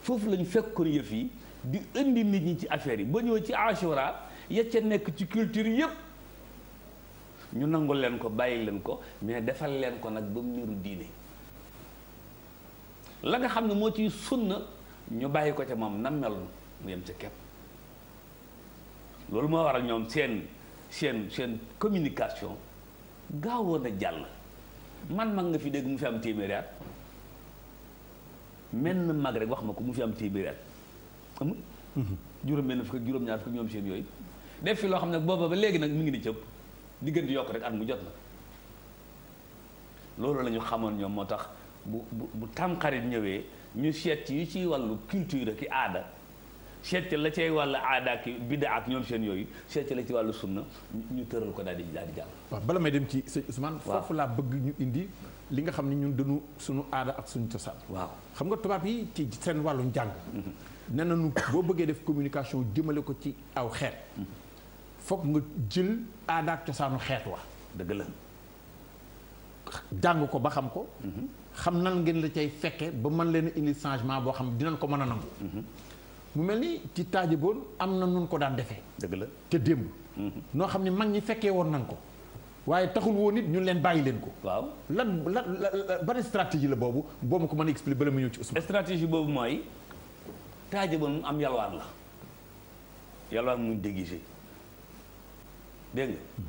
foofu lañu fekkoon yëf yi di indi nit ñi ci affaire yi ba ñëw ci Ashura ya ca nekk ci culture yëpp ñu nangu leen ko bàyyi leen ko mais defal leen ko nag ba mu niru diine la nga xam ne moo ciy sunna ñu bàyyi ko ca moom nam meloon mu yem ca képp loolu moo waral ñoom seen seen seen communication gaawoon a jàll man mag nga fi dégg mu fi am téeméeri at menn mag rek wax ma ko mu fi am téeméeri at amul mhm. juróom-benn fukk ak juróom-ñaar fukk ñoom seen yooyu def fi loo xam ne booba ba léegi nag mu ngi ni cëpp di gën di yokk rek at mu jot na loolu lañu xamoon ñoom moo tax bu bu bu tamxarit ñëwee ñu seet ci yu ci wàllu culture ki aada seet la cay wàllu aadaak ak bidda ak ñoom seen yooyu seet la ci wàllu sunna ñu tëral ko daal di daal di jàll. waaw bala may dem ci sëñ Ousmane. foofu laa bëgg ñu indi li nga xam ni ñun dañu suñu aada ak suñu cosaan. waaw xam nga tubaab yi ci seen wàllu njàng. Mm-hmm. na nañu boo bëggee def communication jëmale ko ci aw xeet. Mm-hmm. foog nga jël aada cosaanu xeet wa dëgg la. jàng ko ba xam ko. Mm-hmm. xam nan ngeen la cay fekke ba mën leen indi changement boo xam dinañ ko mën a nangu. mu mel ni ci taajaboon am na nun ko daan defee. dëgg la te démb. Mhm. noo xam ne mag ñi fekkee woon nañ ko. waaye taxul woo nit ñu leen bàyyi leen ko. waaw lan lan ban stratégie la boobu boo ma ko mën a mu ci Ousmane. stratégie boobu mooy taajaboon am yalwaar la yalwaar mu déguisé dégg nga mhm.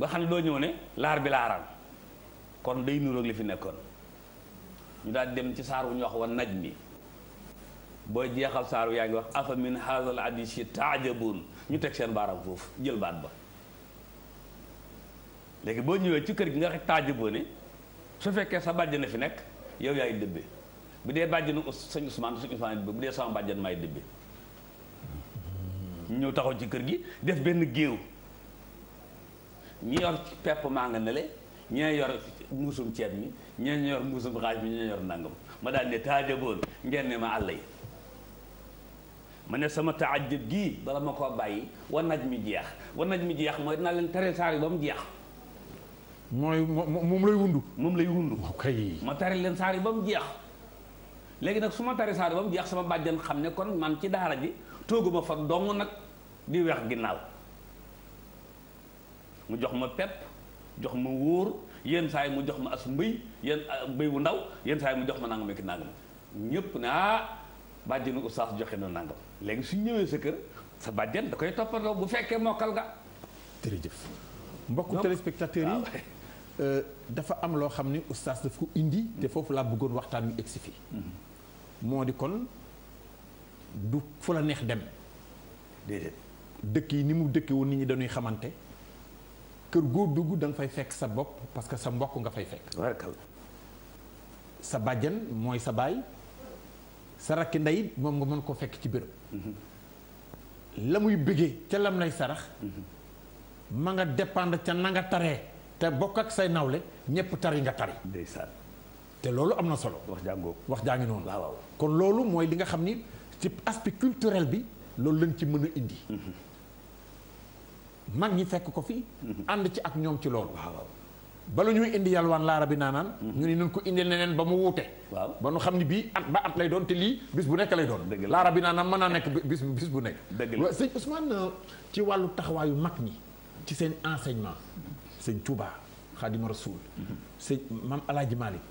ba xam ne doo ñëw ne laar bi laaraan kon day nuroog li fi nekkoon ñu daal dem ci saar wu ñu wax wa naj mi. booy jeexal saaru yaa ngi wax afa min haazal hadiisi taajabun ñu teg seen baaraam foofu jël baat ba léegi boo ñëwee ci kër gi nga xek taajabone su fekkee sa bàjjana fi nekk yow yaay dëbbe bu dee bàjjanu sëñ Ousmane sëñ Ousmane dëbbe bu dee sama bàjjan may dëbbe ñu ñëw taxaw ci kër gi def benn géew ñi yor pepp maa nga nele ñee yor mbuusum ceeb mi ñee yor mbuusum xaaj mi ñee yor nangam ma daal ne taajaboon ngeen ne ma àll yi ma ne sama taajjub gii bala ma ko bàyyi wa naj mi jeex wa naj mi jeex mooy dinaa leen tere saar yi ba mu jeex moom lay wundu moom lay wundu kay ma tari leen saar yi ba mu jeex léegi nag su ma tari saar yi ba mu jeex sama bàjjan xam ne kon man ci daara ji tooguma fa dong nag di weex ginnaaw mu jox ma pepp jox ma wóor yenn saa yi mu jox ma as mbëy yenn ah, mbëy wu ndaw yenn saa mu jox ma nangam ak nangam ñëpp ne ah bàjjenu oustaz joxe na nangam léegi su ñëwee sa kër sa bàjjen da koy toppatoo bu fekkee mokkal nga. jërëjëf mbokku téléspectateurs yi ah euh, dafa am loo xam ne oustaz daf ko indi te foofu laa bëggoon waxtaan wi egsi fii mhm. moo di kon du fu la neex dem déedéet dëkk yi ni mu dëkke woon nit ñi dañuy xamante kër goo dugg danga fay fekk sa bopp parce que sa mbokk nga fay fekk sa bàjjan mooy sa baay sa rakki ndey moom nga mën ko fekk ci béréb la muy bëggee ca lam lay sarax ma nga dépendre ca nanga taree te bokk ak say nawle ñëpp tari nga tari ndeysaan te loolu am na solo wax jàngoo wax jàngi noonu waaw kon loolu mooy li nga xam ni ci aspect culturel bi loolu lañ ci mën a indi mhm. mag ñi fekk ko fi mhm. ànd ci ak ñoom ci loolu bala ñuy indi yalwaan laara bi naanaan mm-hmm. ñu ni nun ko indil neneen ba mu wuute waaw ba nu xam ni bii at ba at lay doon te lii bis bu nekk lay doon laara bi naanaan mën naa nekk bis bis bu nekk sëñ Ousmane ci wàllu taxawaayu mag ñi ci seen enseignement sëñ Touba Xaadimu Rasuul mm-hmm. sëñ maam Alaaji Maalik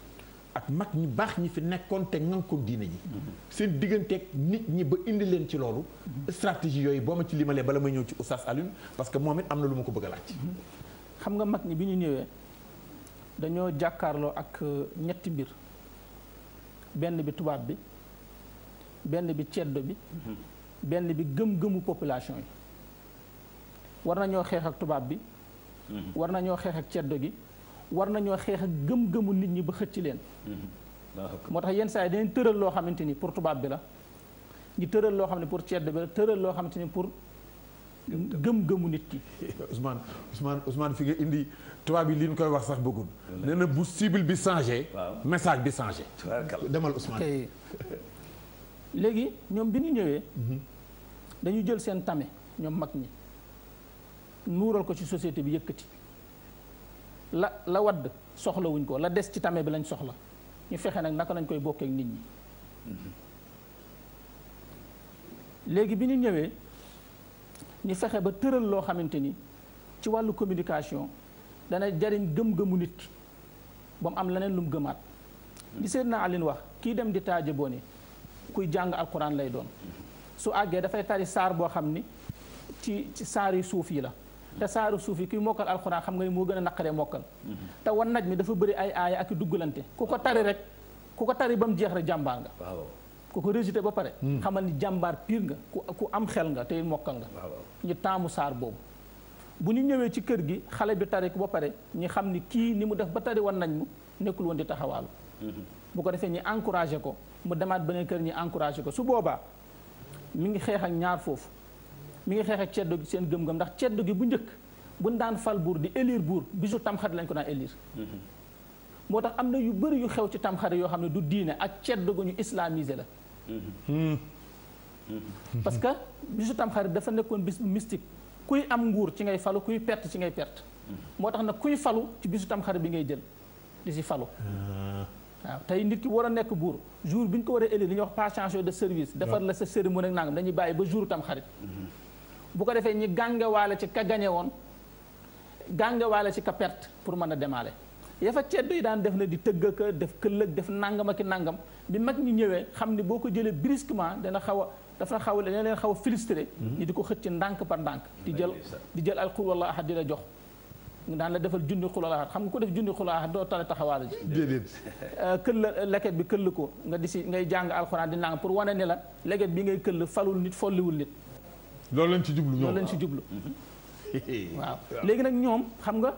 ak mag ñi baax ñi fi nekkoon te ŋànkoon diine ji mm-hmm. seen digganteeg nit ñi ba indi leen ci loolu stratégie yooyu boo ma ci limalee bala may ñëw ci Oustaz Alioune parce que moom it am na lu ma ko bëgg a laaj xam nga mag dañoo jàkkaarloo ak euh, ñetti mbir benn bi tubaab bi benn bi ceddo bi mhm. benn bi gëm-gëmu population yi war nañoo xeex ak tubaab bi mhm. war nañoo xeex ak ceddo gi war nañoo xeex ak gëm-gëmu nit ñi ba xëcc leen mhm. moo tax yenn saa yi dañu tëral loo xamante ni pour tubaab bi la ñu tëral loo xam ne pour ceddo bi la tëral loo xamante ni pour gëm-gëmu nit ki. Ousmane Ousmane Ousmane fi nga indi tubaab yi li ñu koy wax sax bëggul. nee na bu cible bi changé. message bi changé. demal Ousmane. léegi ñoom bi ñu ñëwee. Mhm. dañu jël seen tame ñoom mag ñi. nuural ko ci société bi yëkkati. la la wadd soxlawuñ ko la des ci tame bi lañ soxla ñu fexe nag naka lañ koy bokkeek nit ñi. Mhm. léegi bi ñu ñëwee. ñu fexe ba tëral loo xamante ni ci wàllu communication dana jariñ gëm-gëmu nit ki ba mu am leneen lu mu gëmaat li Seydina Alin wax kii dem di taaje boone kuy jàng alquran lay doon su àggee dafay tari saar boo xam ni ci ci saari suuf yi la te saaru suuf yi kuy mokkal alxuraan xam nga ni moo gën a naqaree mokkal te wan naj mi dafa bëri ay aaya ak i duggalante ku ko tari rek ku ko tari ba mu jeex rek jàmbaar nga ku ko rejeté ba pare. Hmm. xamal ni jàmbaar piir nga ku ku am xel nga tey mokkal nga. ñu taamu saar boobu. bu ñu ñëwee ci kër gi xale bi tari ko ba pare ñi xam ni kii ni mu def ba tari wan nañ mu nekkul woon di taxawaalu. Hmm. bu ko defee ñi encouragé ko mu demaat beneen kër ñi encouragé ko su boobaa mu ngi xeex ak ñaar foofu mi ngi xeex ak ceddo gi seen gëm-gëm ndax ceddo gi bu njëkk bu ñu daan fal buur di élire buur bisu tamxarit lañ ko daan élire. Hmm. moo tax am na yu bëri yu xew ci tamxarit yoo xam ne du diine ak ceddo ñu islamisé la. Hmm. parce que bisu tamxarit dafa nekkoon bis bu mystique kuy am nguur ci ngay falu kuy perte ci ngay perte. Hmm. moo tax nag kuy falu ci bisu tamxarit bi ngay jël di si falu. Hmm. waaw tey nit ki war a nekk buur jour bi ñu ko war a élire li ñuy wax passation de service. defar la sa cérémonie ak nangam dañuy bàyyi ba jour tamxarit. bu ko defee ñi gàngewaale ci ka gañe woon gàngewaale ci ka perte pour mën a demaale yafa ceddo yi daan def na di tëgg ka def këllëg def nangam ak i nangam bi mag ñi ñëwee xam ne boo ko jëlee brusquement dana xaw a dafa xaw a leen xaw a frustré mhm. di ko xëcc ndànk par ndànk di jël di jël al xul wala ahad la jox daan defal junni xul xam nga ko def junni xul wala ahad doo tale taxawaala euh, leket bi këll ko nga di ngay jàng alxuraan di nangam pour wane ne la leget bi ngay këll falul nit folliwul nit loolu leen ci jublu ñoom loolu leen ci jublu waaw léegi nag ñoom xam nga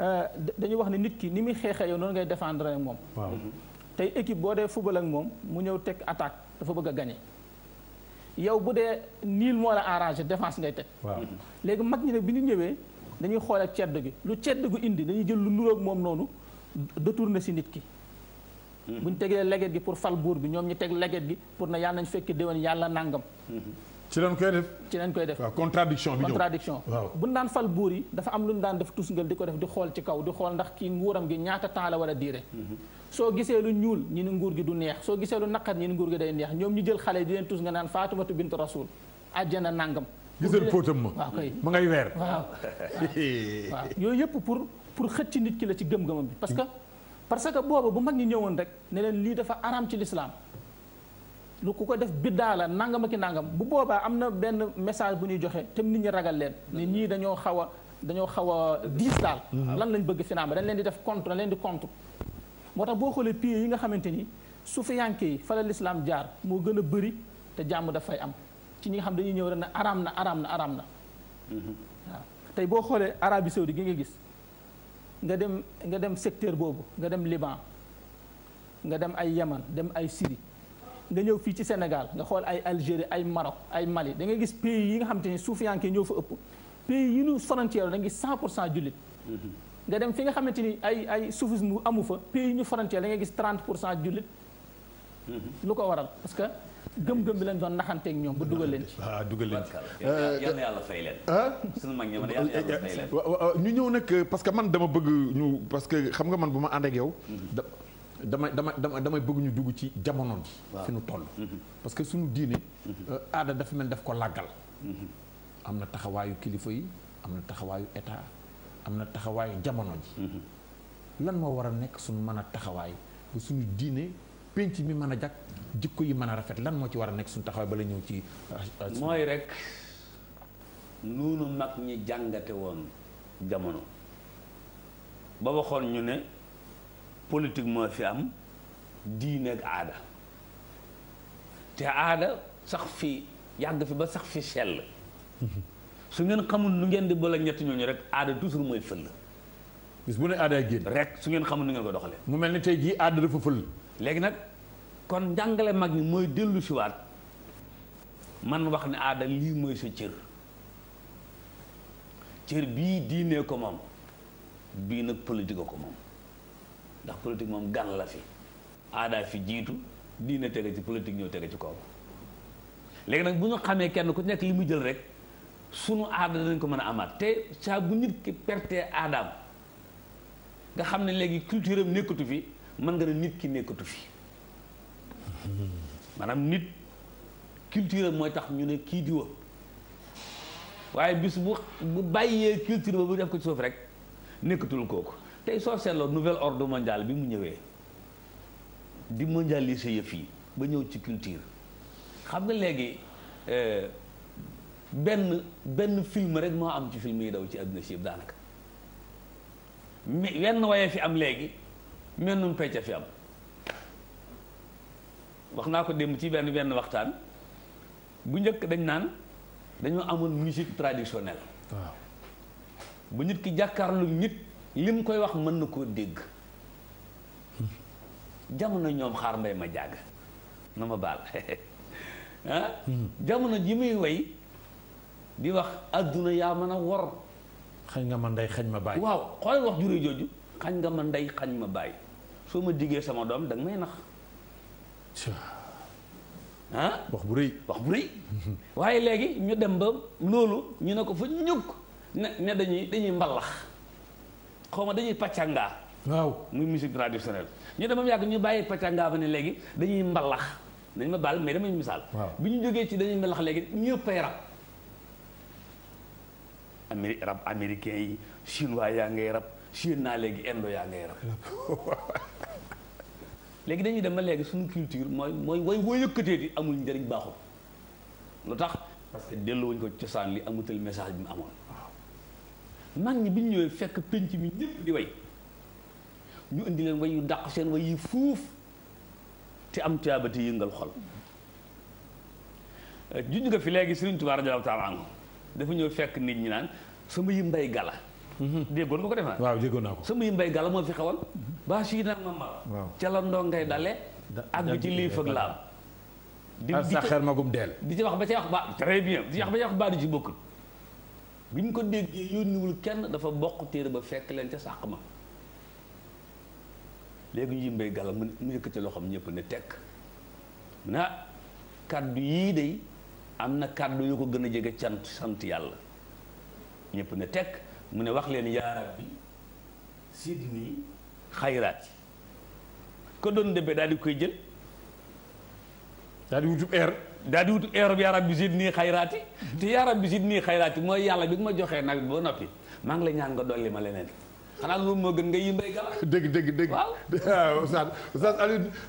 Euh, dañuy wax ne nit ki ni muy xeexee yow noonu ngay défendre ak moom. Mm-hmm. tey équipe boo dee football ak moom mu ñëw teg attaque dafa bëgg a gagné. yow bu dee niil moo la arrangé défense ngay teg. Mm-hmm. léegi mag ñi nag bi ñu ñëwee dañuy xool ak cedd gi lu cedd gu indi dañuy jël lu nuroog moom noonu na si nit ki. Mm-hmm. bu ñu tegee leget gi pour fal buur bi ñoom ñu teg leget gi pour na yàlla nañ fekk déwén yàlla nangam. ci lañ koy def ci lañ koy def waaw contradiction bi contradiction waaw bu ñu daan fal buur yi dafa am lu ñu daan def tusngal di ko def di xool ci kaw di xool ndax kii nguuram gi ñaata temps a war a diire mhm. soo gisee lu ñuul ñi ni nguur gi du neex soo gisee lu naqar ñi ni nguur gi day neex ñoom ñu jël xale yi di leen tus nga naan Faatumatu bint Rasul àjjana nàngam gisal póotam ma waaw kay ma ngay weer waaw yooyu yëpp pour pour xëcc nit ki la ci gëm-gëmam bi parce que parce que boobu bu mag ñi ñëwoon rek ne leen dafa araam ci lislaam lu ku ko def biddaa la nangam ak nangam bu boobaa am na benn message bu ñuy joxee te nit ñi ragal leen ne mm-hmm. ñii dañoo xaw a dañoo xaw a diis daal mm-hmm. lan lañ bëgg finalement dañ leen di def contre dañ leen di contre moo tax boo xoolee pieds yi nga xamante ni sufiyanke yi fa la lislaam jaar moo gën a bëri te jàmm dafay am ci ñi nga xam dañuy ñëw rek ne araam na araam na araam na mm-hmm. waaw tey boo xoolee Arabie Saoudite gi nga gis nga dem nga dem secteur boobu nga dem Liban nga dem ay Yaman dem ay Syrie nga ñëw fii ci Sénégal nga xool ay Algérie ay Maroc ay Mali dangay gis pays yi nga xam te ne suufiyanke ñoo fa ëpp pays yi ñu frontière da gis 100 pour cent jullit mm-hmm. nga dem fi nga xamante ni ay ay soufisme amu fa pays ñu frontière da gis 30 pour cent jullit mm-hmm. lu ko waral parce que gëm-gëm bi leen doon naxanteek ñoom ba dugal leen ci. ah yàlla fay leen. Ah? sunu mag ma ñu ñëw nag parce que man dama bëgg ñu parce que xam nga man bu ma ànd ak yow. Mm-hmm. dama dama dama damay bëgg ñu dugg ci jamono ji fi nu toll mhm. parce que suñu diine mhm. euh, aada dafa mel daf ko làggal mhm. am na taxawaayu kilifa yi am na taxawaayu état am na taxawaayu jamono ji lan moo war a nekk suñu mën a taxawaay bu suñu diine pénc mi mën a jag jikko yi mën a rafet lan moo ci war a nekk suñu taxawaay ba la ñëw ci euh, euh, mooy rek nuunu nag ñi jàngate woon jamono ba waxoon ñu ne politique moo fi am diine aada te aada sax fi yàgg fi ba sax fi sell su ngeen xamul nu ngeen di boole ñetti ñooñu rek aada toujours mooy fël. bis bu ne aadaa génn rek su ngeen xamul nu ngeen ko doxalee. mu mel ni tey jii aada dafa fël. léegi nag kon njàngale mag ni mooy dellu si waat man wax ne aada lii mooy sa cër cër bii diinee ko moom bii nag politique ko moom. ndax politique moom gan la fi aadaa fi jiitu diine tege ci politique ñoo tege ci kaw léegi nag bu ñu xamee kenn ku nekk li mu jël rek sunu aada dinañ ko mën a amaat te saa bu nit ki perte aadaam nga xam ne léegi culture am nekkatu fi mën nga ne nit ki nekkatu fi maanaam nit culture mooy tax ñu ne kii diwa waaye bis bu bu bàyyee culture ba bu def ko ci suuf rek nekkatul kooku tey soo seetloo nouvelle ordre mondial bi mu ñëwee di mondialiser yëf yi ba ñëw ci culture xam nga léegi euh, benn benn film rek moo am ci film yi daw ci àdduna sii bi daanaka mais wenn waye fi am léegi mennum pecc fi am wax naa ko démb ci benn benn waxtaan bu njëkk dañ naan dañoo amoon musique traditionnelle waaw bu nit ki jàkkaarlu nit lim koy wax mën na koo dégg jamono ñoom xaar mbay ma jàgg na ma baal ah? hmm. jamono ji muy way bi wax àdduna yaa mën a wor xañ nga ma ndey xañ ma bàyyi waaw xoolal wax juré jooju xañ nga ma ndey xañ ma bàyyi soo ma diggee sama doom danga may nax ah wax bu rëy wax bu rëy waaye léegi ñu dem ba loolu ñu ne ko fa ñukk ne ne dañuy dañuy mbalax xaw ma dañuy pàccanga waaw muy musique traditionnelle ñu demam yàgg ñu bàyyi pàccanga ba ne léegi dañuy mbalax dañ ma baal mais damay misaal bi ñu jógee ci dañuy mbalax léegi ñu ay rab amé rab américain yaa ngay rab naa léegi indo dañuy dem ba léegi suñu culture mooy mooy way yëkkatee di amul njariñ baaxul lu tax parce que delloo wuñ ko cosaan li amutal message bi mu amoon mag ñi bi ñu ñëwee fekk pénc mi ñëpp di way ñu indi leen way yu daq seen way yi fuuf te am tuyaaba te yëngal xol juñ nga fi léegi Sëriñ Tuubaa radiyallaahu taala anhu dafa ñëw fekk nit ñi naan sama yi mbay gala déggoon nga ko defaa waaw déggoon naa ko sama yi mbay gala moo fi xewal baa si nag ma mala ca la ndongay dale ak bi ci liif ak laam di saxeer magum deel di ci wax ba ci wax ba très bien di wax ba ci wax ba ci bokkul bi ñu ko déggee yónniwul kenn dafa bokk téere ba fekk leen ca sàq ma léegi ñu yimbay gàlla mu yëkkati loxoom ñëpp ne tekk mu ne ah kàddu yii de am na kàddu yu ko gën a jege cant sant yàlla ñépp ne tekk mu ne wax leen yaa rabbi sidni xayraat yi ko doon debe daal di koy jël daal di wutub air daal di wut eerob yaa rabbi zidni xayraati te yaa rabbi zidni xayraati mooy yàlla bi nga ma joxee nag ba noppi maa ngi lay ñaan nga dolli ma leneen xanaa loolu moo gën nga yimbay gala dëgg dëgg dëgg waaw Oustaz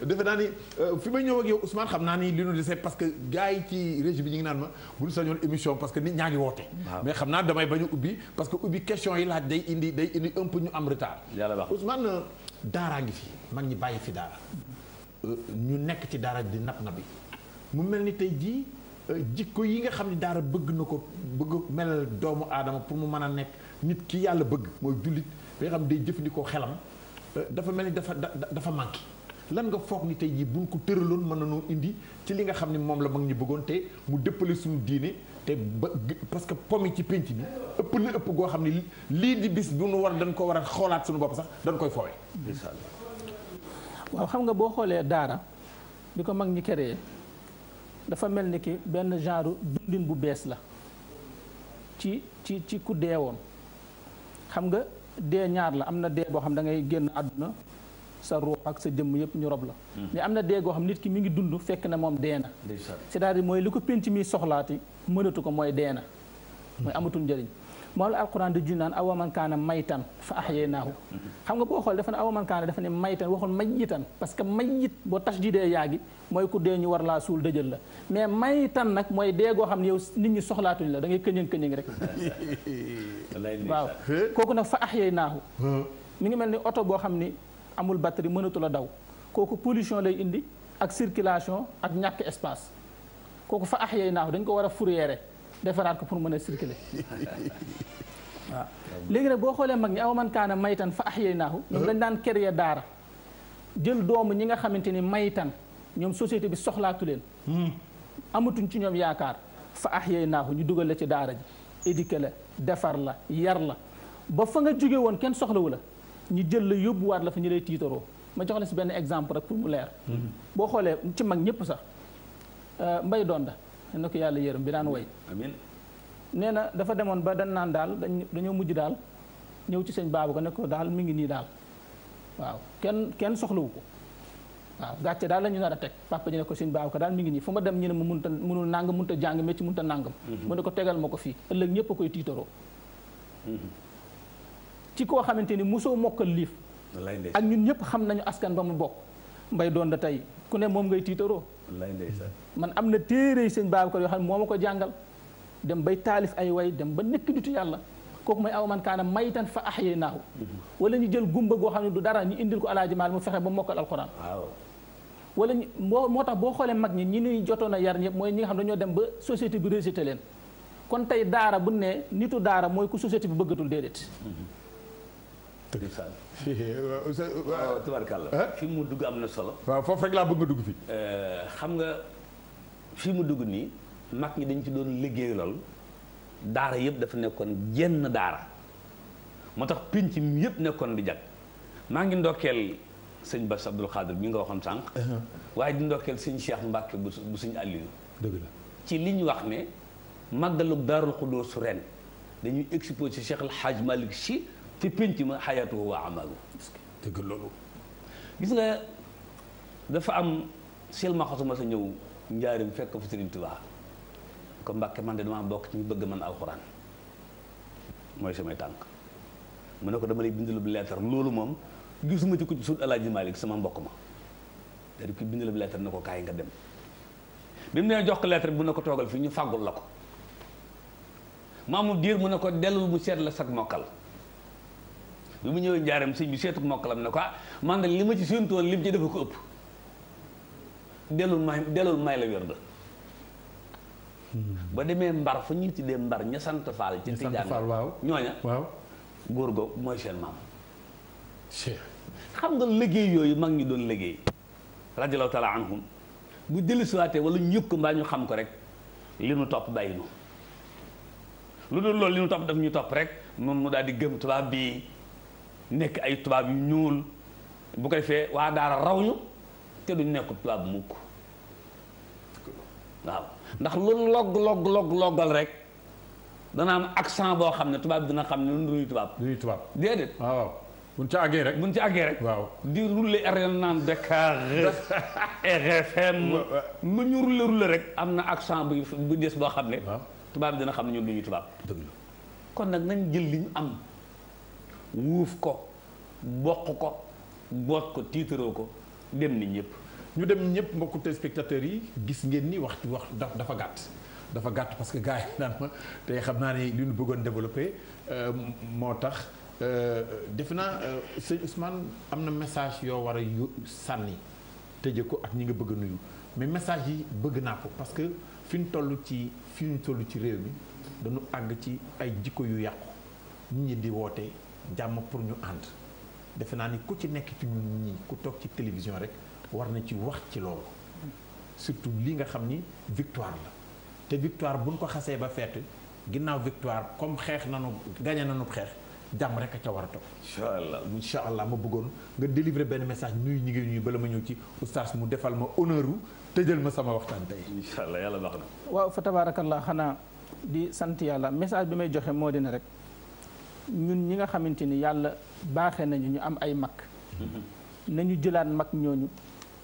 defe naa ni euh, fi may ñëw ak yow Ousmane xam naa ni li nu dese parce que gars yi ci régie bi ñu ngi naan ma bu ñu sañoon émission parce que nit ñaa ngi woote mais xam naa damay bañ a ubbi parce que ubbi question yi laaj day indi day indi un peu ñu am retard Ousmane euh, daaraa ngi fi mag ñi bàyyi fi daara euh, ñu nekk ci daara di nab nabi mu mel ni tey jii euh, jikko yi nga xam ne daara bëgg na ko bëgg melal doomu aadama pour mu mën a nekk nit ki yàlla bëgg mooy jullit bi nga xam day jëfandikoo xelam euh, dafa mel ni dafa dafa manqué lan nga foog ni tey jii buñ ko tëraloon mën nañoo indi ci li nga xam ne moom la mag ñi bëggoon te mu dëppale suñu diine te ba parce que pomi ci pénc bi ëpp na ëpp goo xam ne lii di bis bu nu war dañ ko war a xoolaat suñu bopp sax dañ koy foowee. waaw xam nga boo xoolee daara bi ko mag ñi créé dafa mel ni ki benn genre dundin bu bees la ci ci ci ku dee woon xam nga dee ñaar la am na dee boo xam da ngay génn àdduna sa ruux ak sa jëmm yëpp ñu rob la hmm. mais am na dee goo xam nit ki mi ngi dund fekk na moom dee na c'est-à-dire mooy li ko pénc mi soxlaati mënatu ko mooy dee na mooy hmm. amatul njëriñ moo la alquran di junaan awaman kaana maytan fa ahyaynaahu xam nga boo xool dafa ne awaman kaana dafa ne maytan waxul mayitan parce que mayit boo tasjidee yaa gi mooy ku dee ñu war laa suul dëjël la mais maytan nag mooy dee goo xam ne yow nit ñi soxlaatuñ la da ngay këñëng këñëng rek waaw kooku nag fa ahyaynaahu mi ngi mel ni oto boo xam ni amul batterie mënatu la daw kooku pollution lay indi ak circulation ak ñàkk espace kooku fa ahyay naahu dañ ko war a fourrière defaraat ko pour mën a circuler waaw léegi nag boo xoolee mag ñi aw man maytan fa ahyaynaahu ñoom dañ daan créer daara jël doomu ñi nga xamante ni maytan ñoom société bi soxlaatu leen hmm. amatuñ ci ñoom yaakaar fa ahyaynaahu ñu dugal la ci daara ji éduquer la defar la yar la ba fa nga jóge woon kenn soxlawu la ñu jël la yóbbuwaat la fa ñu lay tiitaroo ma jox la si benn exemple rek pour mu leer hmm. boo xoolee ci mag ñëpp sax euh, mbay doon da na ko yàlla yërëm bi daan woy amiin nee na dafa demoon ba dañ naan daal dañoo mujj daal ñëw ci sëñ baabu ko ne ko daal mi ngi nii daal waaw kenn kenn soxlawu ko waaw daal la ñu nar a ñu ne ko sëñ baabu ko daal mi ngi nii fu ma dem ñu ne ma munta munul nangam munta jàng mécc munta nàngam mhm. mu ne ko tegal ma ko fii ëllëg ñëpp koy tiitaroo mhm. ci koo xamante ni mosoo mokkal liif ak ñun ñëpp xam nañu askan ba mu bokk mbay doon da tey ku ne moom ngay tiitaroo wallaay ndeysaan man am na téere sëñ Babacar yoo xam ne moo ma ko jàngal dem bay taalif ay way dem ba nekk nitu yàlla kooku mooy aw man kaana maytan fa naaw wala ñu jël gumba goo xam ne du dara ñu indil ko alaaji maal mu fexe ba mokkal alxuraan waaw wala moo moo tax boo xoolee mag ñi ñi ñuy jotoon a yar ñëpp mooy ñi nga xam dañoo dem ba société bi rejeté leen kon tey daara bu ne nitu daara mooy ku société bi bëggatul déedéet mm-hmm. ndeysaan waaw tubarkàlla fi mu dugg am na solo foofu rek laa bëgg nga dugg fi euh, xam nga fi mu dugg nii mag ñi dañ ci doon liggéey lool daara yëpp dafa nekkoon jenn daara moo tax pinc mi yëpp nekkoon di jag maa ngi ndokkeel sëñ Bass Abdou Khadre mi nga waxoon sànq waaye di ndokkeel sëñ Cheikh Mbacke bu bu sëñ Aliou dëgg la ci li ñu wax ne màggalug daarul xudóos ren dañuy exposé Cheikh El Hadj Malick Sy ci pénc ma xayaatuhu wa amalu dëgg loolu gis nga dafa am seel ma xasuma sa ñëw njaarim fekk fa Sëriñ Tuubaa ko Mbàkke man de damaa bokk ci ñu bëgg man alxuraan mooy samay tànk mu ne ko dama lay bindal bu leetar loolu moom gisuma ci ku ci suut Alaaji Maalik sama mbokk ma da di ko bindal bu leetar ne ko kaay nga dem bi mu nee jox ko leetar mu ne ko toogal fii ñu fàggul la ko maamu diir mu ne ko dellul mu seet la sag mokkal bi mu ñëwee njaaram sëñ bi seetu mokkalam ne ko ah, man de li ma ci séentu woon lim ci dafa ko ëpp dellul may dellul may la wér da hmm. ba demee mbar fu ñuy tuddee mbar ña sant faal ci tijaan waaw ñooña waaw góor go mooy seen maam xam nga liggéey yooyu mag ñu doon liggéey radiallahu taala anhum bu dellusiwaatee wala ñu yëg ko mbaa ñu xam ko rek li nu topp bàyyi nu lu dul loolu li nu topp daf ñu topp rek noonu mu daal di gëm tubaab bi nekk ay tubaab yu ñuul bu ko defee waa daara raw ñu te duñ nekk tubaab mukk waaw ndax lu log log log rek dana am accent boo xam ne tubaab dina xam ne lu nuyu tubaab. Ah, àggee rek. buñ ci àggee rek. waaw di rulle RN naan Dakar ñu rulle rulle rek. am na accent bu bu des boo xam ne. Ah. tubaab dina xam ne ñun lu ñuy tubaab. kon nag nañ jël li ñu am. wuuf ko bokk ko boot ko tiitaroo ko dem ni ñëpp. ñu dem ñëpp mbokku téléspectateurs yi gis ngeen ni waxtu wax dafa gàtt dafa gàtt parce que gars yi naan ma tey xam naa ne li ñu bëggoon développé euh, moo tax euh, defe naa euh, sëñ Ousmane am na message yoo war a yu sànni tëje ko ak ñi nga bëgg a nuyu mais message yi bëgg naa ko parce que fi ñu toll ci fi ñu toll ci réew mi dañu àgg ci ay jikko yu yàqu nit ñi di wootee jàmm pour ñu ànd defe naa ni ku ci nekk ci ñun ñii ku toog ci télévision rek war na ci wax ci loolu surtout li nga xam ni victoire la te victoire buñ ko xasee ba feet ginnaaw victoire comme xeex nanu gañe nanu xeex jàmm rek a ca war a topp incha allah incha allah ma bëggoon nga délivrer benn message nuyu ñi ngi ñuy bala ma ñëw ci oustaz mu defal ma honneur u tëjal ma sama waxtaan tey incha allah yàlla baax na waaw fa tabaarakallah xanaa di sant yàlla message bi may joxe moo dina rek ñun ñi nga xamante ni yàlla baaxe nañu ñu am ay mag nañu jëlaat mag ñooñu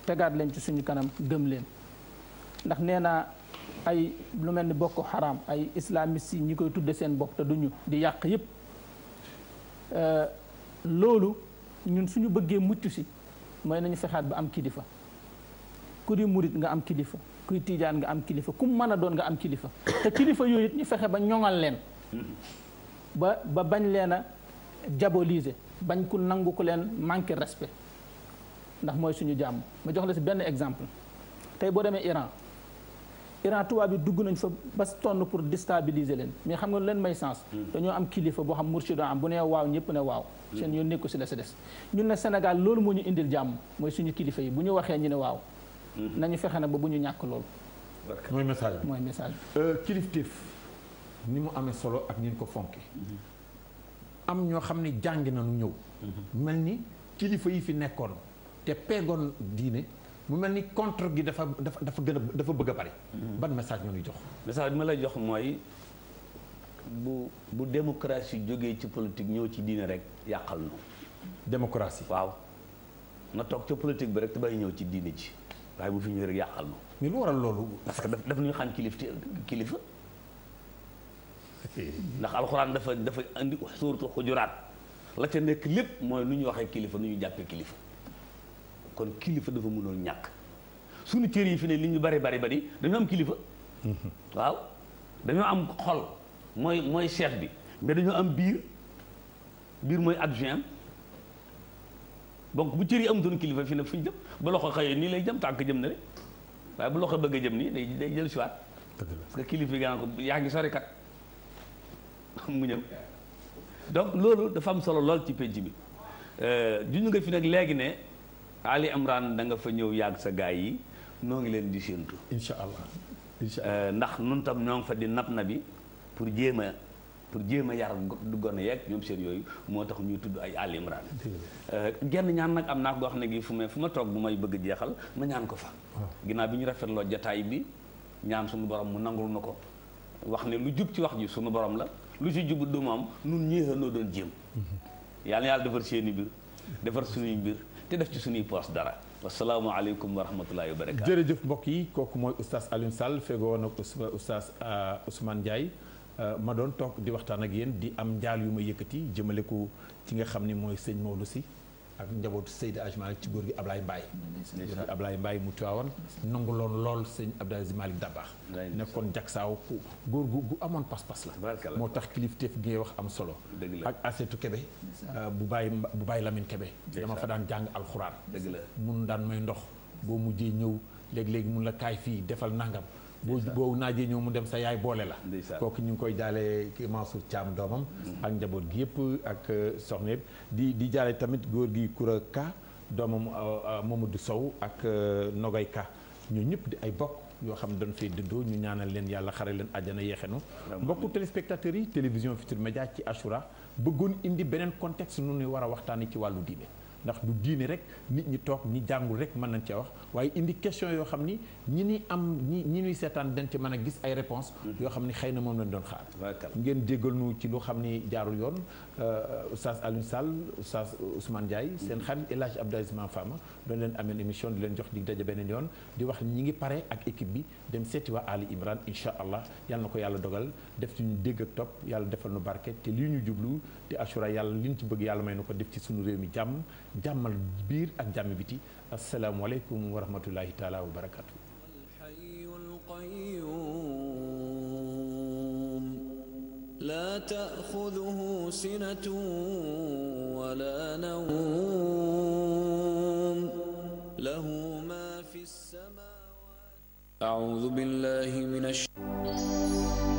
tegaat leen ci suñu kanam gëm leen ndax nee naa ay lu mel ni bokk xaraam ay islamistes yi ñi koy tuddee seen bopp te duñu di yàq yépp euh, loolu ñun suñu bëggee mucc si mooy nañu fexaat ba am kilifa ku di murit nga am kilifa kuy tiijaan nga am kilifa ku mën a doon nga am kilifa te kilifa yooyu ñu fexe ba ñoŋal leen ba ba bañ leen a diaboliser bañ ku nangu ku leen manqué respect ndax mooy suñu jàmm ma jox la si benn exemple tey boo demee Iran Iran tubaab bi dugg nañ fa ba tonn pour déstabiliser leen mais xam nga leen may sens. Hmm. dañoo am kilifa boo xam mursidoo am bu nee waaw ñëpp ne waaw. Hmm. seen yoo nekku si la si des ñun na Sénégal loolu moo ñu indil jàmm mooy suñu kilifa yi bu ñu waxee ñu ne waaw. Hmm. na ñu fexe na ba bu ñu ñàkk loolu. mooy message mooy message bi. ni mu amee solo ak ñun ko fonke mhm. am ñoo xam ne jàngi na nu ñëw mhm. mel ni kilifa yi fi nekkoon te peegoon diine mu mel ni contre gi dafa dafa dafa gën a dafa bëgg a bari mhm. ban message ñoo ñuy jox message bi ma lay jox mooy bu bu démocratie jógee ci politique ñëw ci diine rek yàqal nu démocratie waaw na toog ca politique bi rek te bay ñëw ci diine ji waaye bu fi ñëw rek yàqal nu mais waral loolu parce daf daf ñuy xam kilif kilifa ndax alxuraan dafa dafa indi suuratu xujuraat la ca nekk lépp mooy nu ñu waxee kilifa nu ñu jàppee kilifa kon kilifa dafa mënul ñàkk suñu cër yi fi ne li ñu bari bari bari dañoo am kilifa waaw dañoo am xol mooy mooy chef bi mais dañoo am biir biir mooy adjoint donc bu cër yi amutoon kilifa fi ne fu ñu jëm ba loxo xëyee nii lay jëm tànk jëm na de waaye bu loxo bëgg a jëm nii day day jël siwaat parce que kilifa gaa nga ko yaa ngi sori mu ñëw donc loolu dafa am solo lool ci penc bi euh, juñu nga fi nag léegi ne Ali Amran da nga fa ñëw yàgg sa gaay yi noo ngi leen di séentu. incha allah incha euh, ndax nun tam ñoo ngi fa di nap na bi pour jéem a pour jéem a yar du gone yeeg ñoom seen yooyu moo tax ñuy tudd ay Ali Imran euh, genn ñaan nag am naa goo xam ne gi fu ma fu ma toog bu may bëgg jeexal ma ñaan ko fa ah. ginnaaw bi ñu rafetloo jataay bi ñaan suñu borom mu nangul na ko wax ne lu jub ci wax ji suñu borom la lu ci jubut du mu am nun ñéexa noo doon jéem yàlla yàlla defar seeni mbir defar suñuy mbir te def ci suñuy poos dara asalaamaaleykum wa rahmatulahi wa barakaatu jërëjëf mbokk yi kooku mooy oustaz Alioune Sall fegoon ak oustaz euh, Ousmane Ndiaye euh, ma doon toog di waxtaan ak yéen di am njaal yu ma yëkkati jëmale ko ci nga xam ni mooy sëñ Maodo si ak njabootu Seydi Hadji ci góor gi Ablaye Mbaye góor gi Ablaye Mbaye mu tuwaawoon nangu loon lool sëñ Abdou Aziz Malick Dabakh nekkoon jagsaaw ku góor gu gu amoon pas-pas la moo tax kilifteef gi ngay wax am solo ak Asetu Kebe euh, bu bàyyi bu bàyyi Lamine Kebe dama fa daan jàng alxuraan mun daan may ndox boo mujjee ñëw léegi léegi mun la kaay fii defal nangam boobu boo naajee ñëw mu dem sa yaay boole la kooku ñu ngi koy jaale Mansour Thiam doomam mm-hmm. ak njaboot gi yëpp ak euh, soxna yëpp di di jaale tamit góor gi Koura Ka doomam euh, euh, Mamadou Sow ak Nogay Ka ñoo ñëpp di ay bokk yoo xam dañ fay dëddoo ñu ñaanal leen yàlla xare leen àjjana yeexenu mbokku téléspectateurs yi télévision Futurs Médias ci Achoura bëggoon indi beneen contexte nu ñuy war a waxtaanee ci wàllu diine ndax du diine rek nit ñi toog ñi jàngul rek mën nañ cee wax waaye indi question yoo xam ni ñi ni am ñi ñi ñuy seetaan dañ ci mën a gis ay réponse mm-hmm. yoo xam ni xëy na moom lañ doon xaar ngeen jéggal nu ci lu xam ni jaarul yoon euh, oustaz Alioune Sall oustaz Ousmane Ndiaye mm-hmm. seen xarit El Hadj Abdou Aziz Fama doon leen ameen émission di leen jox dig daje beneen yoon di wax ñi ngi pare ak équipe bi dem seeti waa Ali Imran incha allah yal na ko yàlla dogal def ci ñu dégg yàlla defal nu barke te lii ñu jublu te assura yàlla liñ ci bëgg yàlla may nu ko def ci suñu réew mi jàmm jàmmal biir ak jàmm biti asalaamualeykum wa rahmatullahi taala wa barakatu لا تأخذه سنة ولا نوم له ما في السماوات أعوذ بالله من الشيطان